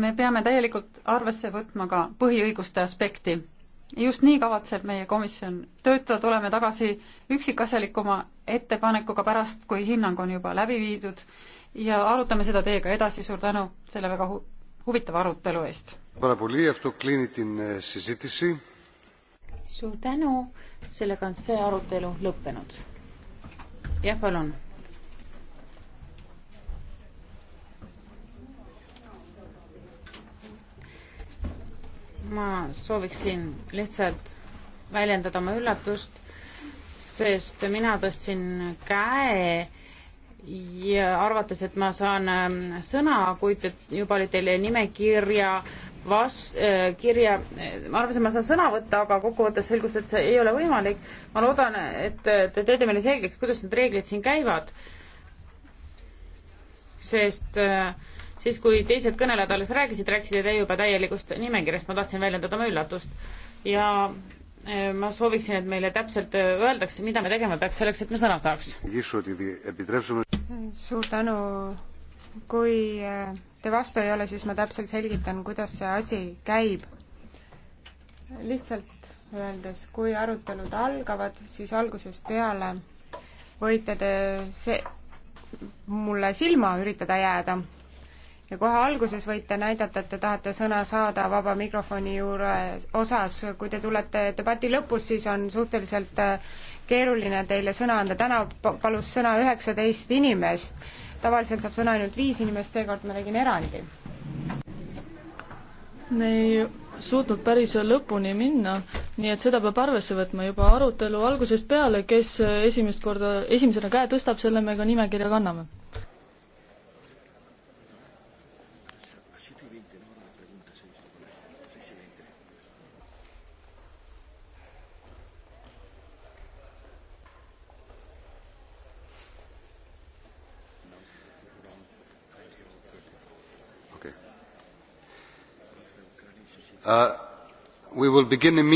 me peame täielikult arvesse võtma ka põhiõiguste aspekti just nii kavatseb meie komisjon töötada, tuleme tagasi üksikasjalikuma ettepanekuga pärast, kui hinnang on juba läbi viidud ja arutame seda teiega edasi, suur tänu selle väga hu huvitava arutelu eest. suur tänu, sellega on see arutelu lõppenud. jah, palun ma sooviksin lihtsalt väljendada oma üllatust, sest mina tõstsin käe ja arvates, et ma saan ähm, sõna, kuid et juba oli teil nimekirja vas-, äh, kirja, ma äh, arvasin, et ma saan sõna võtta, aga kokkuvõttes selgus, et see ei ole võimalik. ma loodan, et äh, te teete meile selgeks, kuidas need reeglid siin käivad. sest äh, siis kui teised kõnelejad alles rääkisid, rääkisite te juba täielikust nimekirjast, ma tahtsin väljendada oma üllatust. ja eh, ma sooviksin, et meile täpselt eh, öeldakse, mida me tegema peaks selleks, et me sõna saaks. suur tänu. kui eh, te vastu ei ole, siis ma täpselt selgitan, kuidas see asi käib. lihtsalt öeldes, kui arutelud algavad, siis algusest peale võite te see, mulle silma üritada jääda ja kohe alguses võite näidata, et te tahate sõna saada vaba mikrofoni juures osas, kui te tulete debati lõpus, siis on suhteliselt äh, keeruline teile sõna anda, täna palus sõna üheksateist inimest, tavaliselt saab sõna ainult viis inimest, seekord ma tegin erandi. me ei suutnud päris lõpuni minna, nii et seda peab arvesse võtma juba arutelu algusest peale, kes esimest korda, esimesena käe tõstab, selle me ka nimekirja kanname Uh, we will begin immediately.